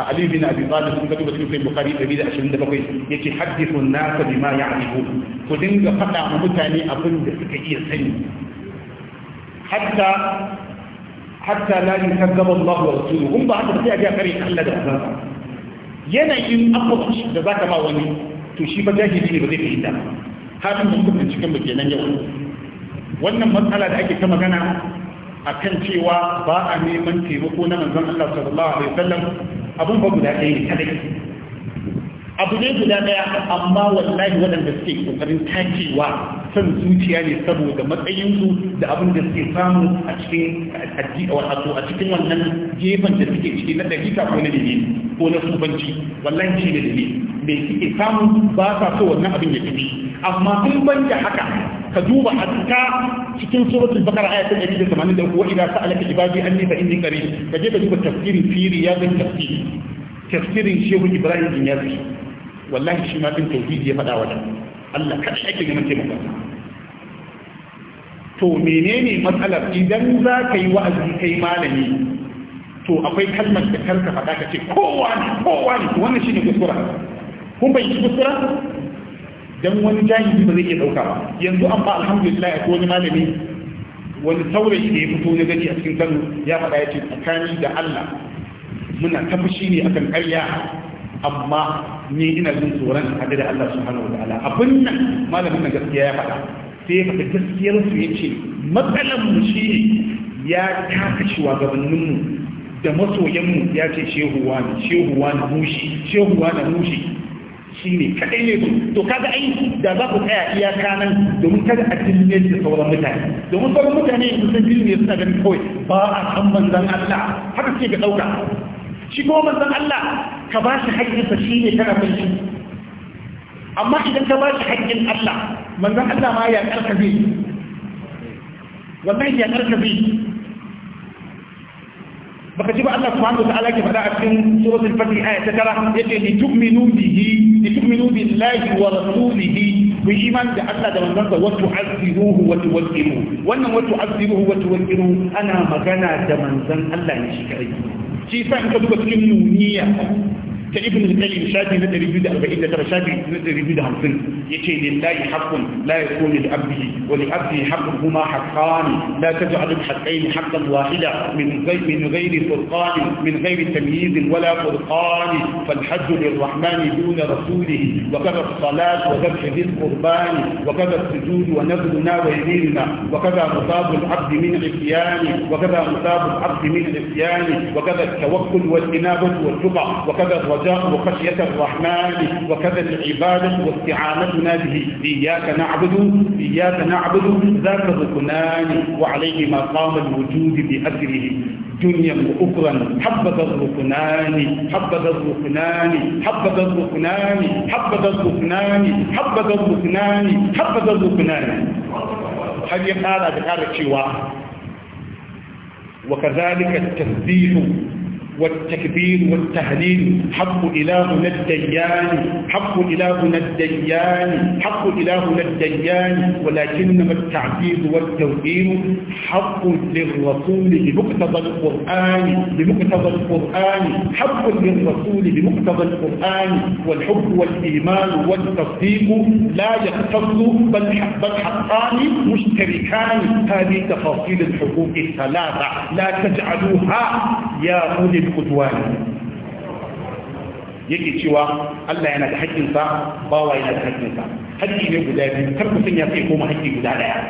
Ali bin Abi Talib sun ga duba cikin Bukhari 127 yake hadithu an-nas bima ya'rifu ku dinga fada ma mutane abin da suka iya sani hatta hatta la yukazzaba Allah wa rasuluhu kun ba haka sai a ga kare Allah da manzon yanayin approach da zaka ba wani to shi ba jahili ne ba zai fahimta hakan mun kuma cikin mu kenan yau wannan matsala da ake ta magana akan cewa ba a neman taimako na manzon Allah sallallahu alaihi wasallam abun ba guda ɗaya ne kadai abu ne guda ɗaya amma wallahi waɗanda suke kokarin takewa son zuciya ne saboda matsayinsu da abin da suke samu a cikin wato a cikin wannan gefen da suke ciki na dakika ko na dalili ko na subanci wallahi shi ne dalili me suke samu ba sa so wannan abin ya tafi amma in ban da haka ka duba hatta cikin suratul bakara aya ta 183 wa idza sa'alaka ibadi anni fa inni qarib ka je ka duba tafsirin fi riyadun tafsir tafsirin shehu ibrahim bin yazid wallahi shi ma din tauhidi ya faɗa wa Allah kada ake neman taimako to menene matsalar idan za ka yi wa'azi kai malami to akwai kalmar da karka faɗa ka ce kowa ne kowa ne wannan shine kuskura kun bai kuskura dan wani jahili ba zai iya dauka ba yanzu ba alhamdulillah ya wani malami wani saurayi da ya fito na gani a cikin Kano ya faɗa ya ce tsakani da Allah muna ta ne akan karya amma ni ina jin tsoron haɗu da Allah subhanahu wa ta'ala abin nan malamin na gaskiya ya faɗa sai ya faɗa gaskiyar su ya ce matsalar mu shi ne ya taka shugabannin mu da masoyan mu ya ce shehuwa na shehu na mushi shehuwa na mushi shi ne kaɗai ne su to kaga ai da za ku tsaya iyaka nan domin kada a filme da sauran mutane domin sauran mutane su san ya suna ganin kawai ba a san manzan Allah haka ce ga ɗauka shi kuma manzan Allah ka ba shi haƙƙinsa shi ne kana san shi amma idan ka ba shi haƙƙin Allah manzan Allah ma ya ƙarfa zai wannan ya ƙarfa zai baka ji ba Allah subhanahu wa ta'ala ke faɗa a cikin suratul fatih aya ta tara yace li tu'minu bihi tu'minu billahi wa rasulihi ku iman da Allah da manzon sa wa tu'azziruhu wa wannan wa tu'azziruhu wa ana magana da manzon Allah ne shi kai shi sa in ka duba cikin nuniya ابن الكلم شافي مثل ريبيد 40 ترى شافي مثل ريبيد 50 يتي لله حق لا يكون لابه ولابه حق هما حقان لا تجعل الحقين حقا واحدا من غير من غير فرقان من غير تمييز ولا فرقان فالحج للرحمن دون رسوله وكذا الصلاه وذبح ذي القربان وكذا السجود ونذرنا ويديننا وكذا مصاب العبد من عصيان وكذا مصاب العبد من عصيان وكذا التوكل والانابه والتقى وكذا الرجاء الرجاء وخشية الرحمن وكذا العبادة واستعانتنا به إياك نعبد إياك نعبد ذاك الركنان وعليه قام الوجود بأسره دنيا وأخرى حبذا الركنان حبذا الركنان حبذا الركنان حبذا الركنان حبذا الركنان حبذا الركنان هل يقال هذا الشيء وكذلك التسبيح والتكبير والتهليل حق إلهنا الديان حق إلهنا الديان حق إلهنا الديان ولكنما التعبير والتوقير حق للرسول بمقتضى القرآن بمقتضى القرآن حق للرسول بمقتضى القرآن والحب والإيمان والتصديق لا يختص بل بل حقان مشتركان هذه تفاصيل الحقوق الثلاثة لا تجعلوها يا أولي bil qudwan yake cewa Allah yana da haƙƙinsa bawa yana da haƙƙinsa haƙƙi ne guda biyu kar mutum ya sai koma haƙƙi guda ɗaya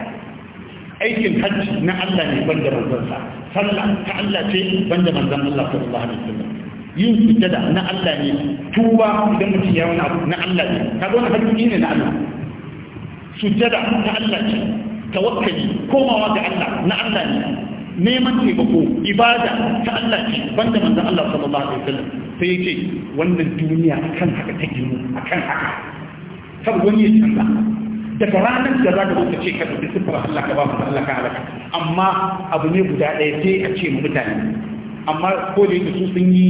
aikin hajji na Allah ne banda manzansa sallah ta Allah ce banda manzan Allah sallallahu alaihi wasallam yin sujjada na Allah ne tuba idan mutum ya wani abu na Allah ne kaga wani haƙƙi ne na Allah sujjada ta Allah ce tawakkali komawa ga Allah na Allah ne neman taimako ibada ta Allah ce banda manzon Allah sallallahu alaihi wasallam sai yake wannan duniya kan haka ta gino akan haka kar wani ya canza daga ranar da za ka zo ce ka tafi sifar Allah ka ba mu Allah ka halaka amma abu ne guda ɗaya sai a ce mu mutane amma ko da yake su sun yi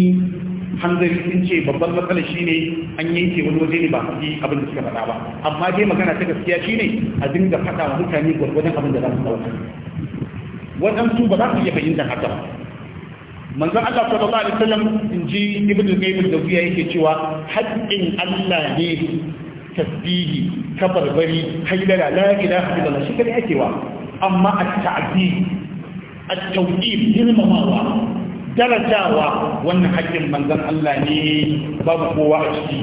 hanzari sun ce babban matsala shine an yanke wani waje ne ba su yi abin da suka faɗa ba amma dai magana ta gaskiya shi ne a dinga faɗa wa mutane gwargwadon abin da za su ɗauka waɗansu ba za su iya fahimtar haka ba manzon Allah sallallahu alaihi wasallam inji ibnu qayyim dawiya yake cewa haƙƙin Allah ne tasbihi kabarbari haidara la ilaha illallah shi kare ake wa amma at-ta'dil at-tawqif girmamawa darajawa wannan haƙƙin manzon Allah ne babu kowa a ciki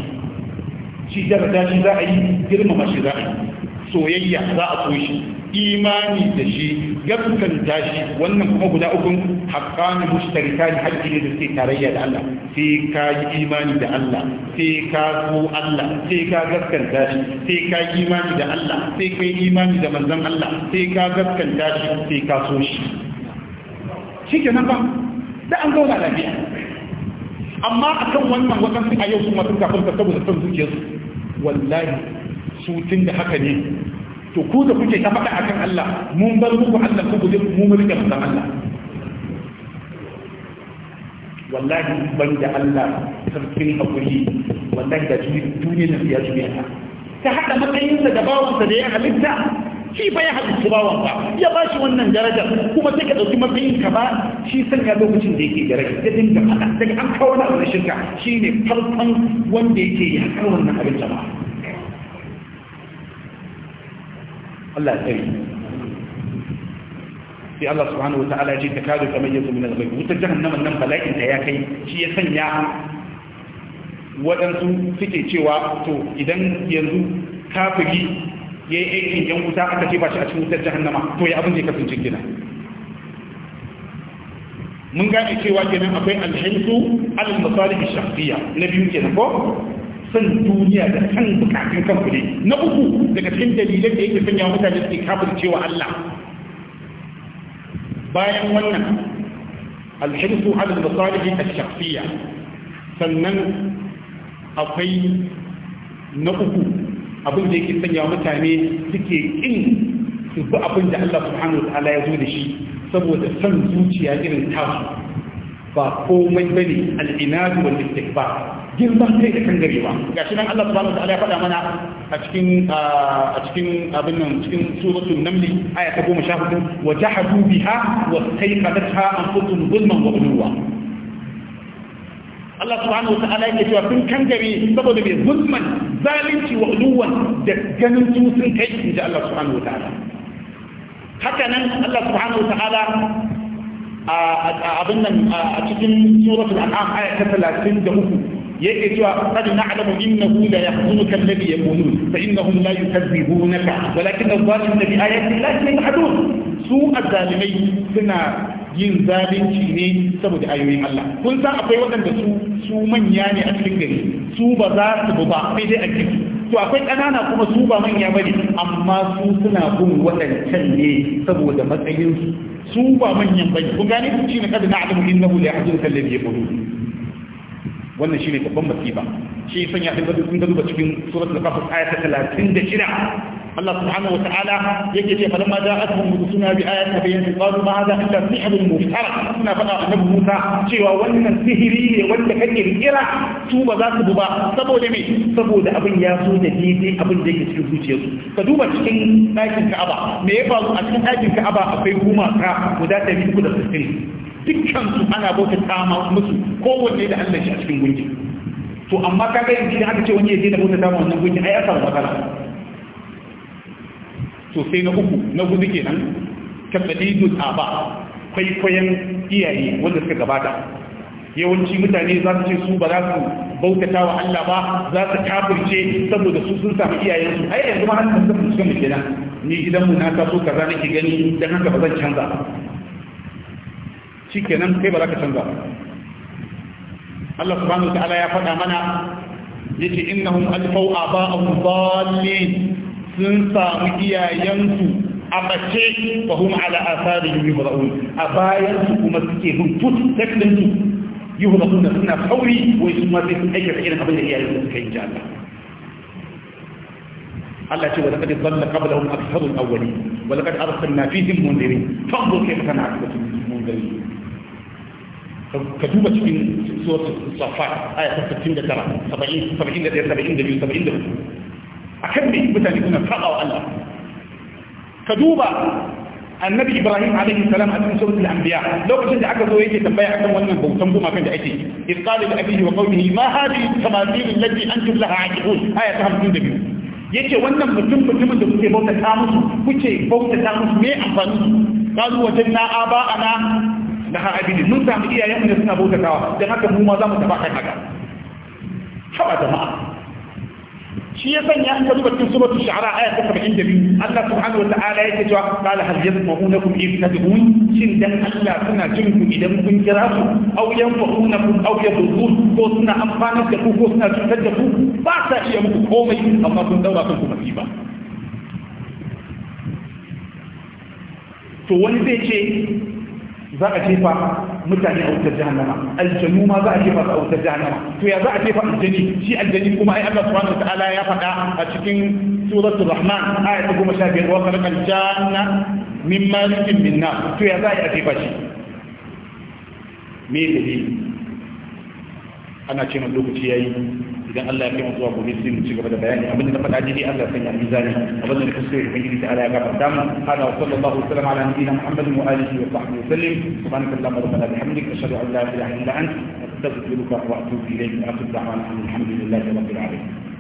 shi daraja shi za a yi girmama shi za a yi soyayya za a so shi imani da shi gaskanta shi wannan kuma guda ukun haqqani mushtarikan haƙƙi ne da suke tarayya da Allah sai ka yi imani da Allah sai ka so Allah sai ka gaskanta shi sai ka yi imani da Allah sai ka yi imani da manzon Allah sai ka gaskanta shi sai ka so shi shikenan ba da an zauna lafiya amma akan wannan waɗansu a yau kuma sun kafin saboda son zuciyarsu wallahi su tun da haka ne to ku da kuke ta faɗa akan Allah mun bar muku Allah ku guje mu mu rike mutan Allah wallahi ban da Allah sarkin hakuri wallahi da duniya na ya juya ta ta hada matsayinsa da bawansa da ya halitta shi fa ya halitta ba. ya ba shi wannan darajar kuma sai ka ɗauki matsayin ka ba shi sanya lokacin da yake daraja da dinga faɗa daga an kawo na abin shirka shine farkon wanda yake ya kawo wannan abin jama'a Allah yi sai Allah subhanahu wa ta'ala ce ta kado kamar yanzu min al-ghayb wutar jahannama nan bala'in da ya kai shi ya sanya waɗansu suke cewa to idan yanzu kafiri ya yi aikin yan wuta aka ce ba shi a cikin wutar jahannama to ya abin ya kasance gina mun gane cewa kenan akwai alhaisu al-masalih shakhsiyya na biyu kenan ko san duniya da san bukatun kanku ne na uku daga cikin dalilan da yake sanya mutane suke cewa Allah bayan wannan alhirsu ala masalihi ash-shakhsiyya sannan akwai na uku abin da yake sanya mutane suke kin su bi abin da Allah subhanahu wa ta'ala ya zo da shi saboda san zuciya irin tasu ba komai ba bane al-inadu wal ba girman kai da kan Ga shi nan Allah subhanahu wataala ya faɗa mana a cikin a cikin abin nan cikin suratul naml aya ta 14 wa jahadu biha wa tayqadatha anfusuhum zulman wa ulwa Allah subhanahu wataala yake cewa sun kan gare saboda bai zulman zalunci wa ulwan da ganin su sun kai inji Allah subhanahu wataala haka nan Allah subhanahu wataala abin a cikin suratul an'am aya ta 33 yake cewa qad na'lamu innahu la yahzunuka alladhi yaqulun fa innahum la yukazzibunaka walakin adh-dhalimina bi ayati llahi yajhadun su azzalimai suna yin zalunci ne saboda ayoyin Allah kun san akwai waɗanda su su manya ne a cikin gari su ba za su ba sai dai a gidi to akwai ƙanana kuma su ba manya ba ne amma su suna bin waɗancan ne saboda matsayinsu su ba manyan ba ne kun gane shi ne kada na adamu innahu la yahzun kallabi yaqulu wannan shi ne babban masifa shi sanya din da kun duba cikin suratul qasas ayata shida. الله سبحانه وتعالى يجد فلما جاءتهم رسلنا بآياتنا بينات قالوا ما هذا إلا سحر مفترى كنا فدا النبي موسى cewa wannan sihiri ne wanda kake kira su za su buba saboda me saboda abin ya so da daidai abin da yake cikin zuciyarsu ka duba cikin ɗakin Ka'aba me ya faru a cikin ɗakin Ka'aba akwai gumaka guda ɗari uku da sittin dukkan su ana bauta ta musu kowanne da Allah shi a cikin gunki to amma kaga yanzu idan aka ce wani ya je da bauta ta wannan gunki ai ya samu matsala Sosai na uku na gudu kenan taqlidul aba kwaikwayon iyaye wanda suka gabata yawanci mutane za su ce su ba za su bautata wa Allah ba za su kafirce saboda su sun samu iyayensu ai yanzu ma hannun sun fuska mu kenan ni gidan mu na taso kaza nake gani dan haka ba zan canza ba shikenan kai ba za ka canza Allah subhanahu wa ta'ala ya faɗa mana yace innahum alfau aba'ahum dallin sun samu iyayensu a mace ba hum ala asari yuhra'un a bayan su kuma suke bin tut takdin su yuhra'un suna sauri wai su mafi sun aikata irin abin da iyayen suka yi jalla Allah ce wa laqad dhalla qablahum aktharu al-awwalin wa laqad arsalna fihim mundirin fanzur kayfa kana aqibatu mundirin ka duba cikin suratul safat aya 69 71 72 73 akan me mutane suna faɗa wa Allah ka duba annabi ibrahim alaihi salam a cikin suratul anbiya lokacin da aka zo yake tambaya akan wannan bautan kan da ake iz da li abihi wa qawmihi ma hadhihi tamathil allati antum laha aakifun aya ta 52 yace wannan mutum mutumin da kuke bauta ta musu kuke bauta ta musu me amfani qalu wajadna ana laha abidin mun samu iyayen mu da suna bautatawa dan haka mu ma za mu taba kai haka haba jama'a shi ya sanya an ka duba cikin suratu shu'ara aya ta 72 Allah subhanahu wa ta'ala yake cewa qala hal yasma'unakum in tad'un shin dan Allah suna jin ku idan kun kira su aw yanfa'unakum aw yadurrun ko suna amfana da ku ko suna cutar da ku ba sa iya muku komai amma kun daura kanku masifa to wani zai ce za a jefa mutane a wutar jahannama aljanu ma za a jefa su a wutar jahannama to ya za a jefa aljani shi aljani kuma ai Allah subhanahu wataala ya faɗa a cikin suratul rahman aya ta goma sha biyar wa khalaqal janna min malikin min nar to ya za a jefa shi me dalili ana ce lokaci yayi idan Allah ya kai mu zuwa gobe sai mu ci gaba da bayani abin da faɗa dai Allah sanya mizani abin da kuskure ubangiji ta Allah ya gafarta mu hada wa sallallahu alaihi wa sallam ala nabiyyina Muhammad wa alihi wa sahbihi wa sallam subhanaka allahumma wa bihamdika ashhadu an la ilaha illa anta astaghfiruka wa atubu ilayk wa aqulu da'wana alhamdulillahi rabbil alamin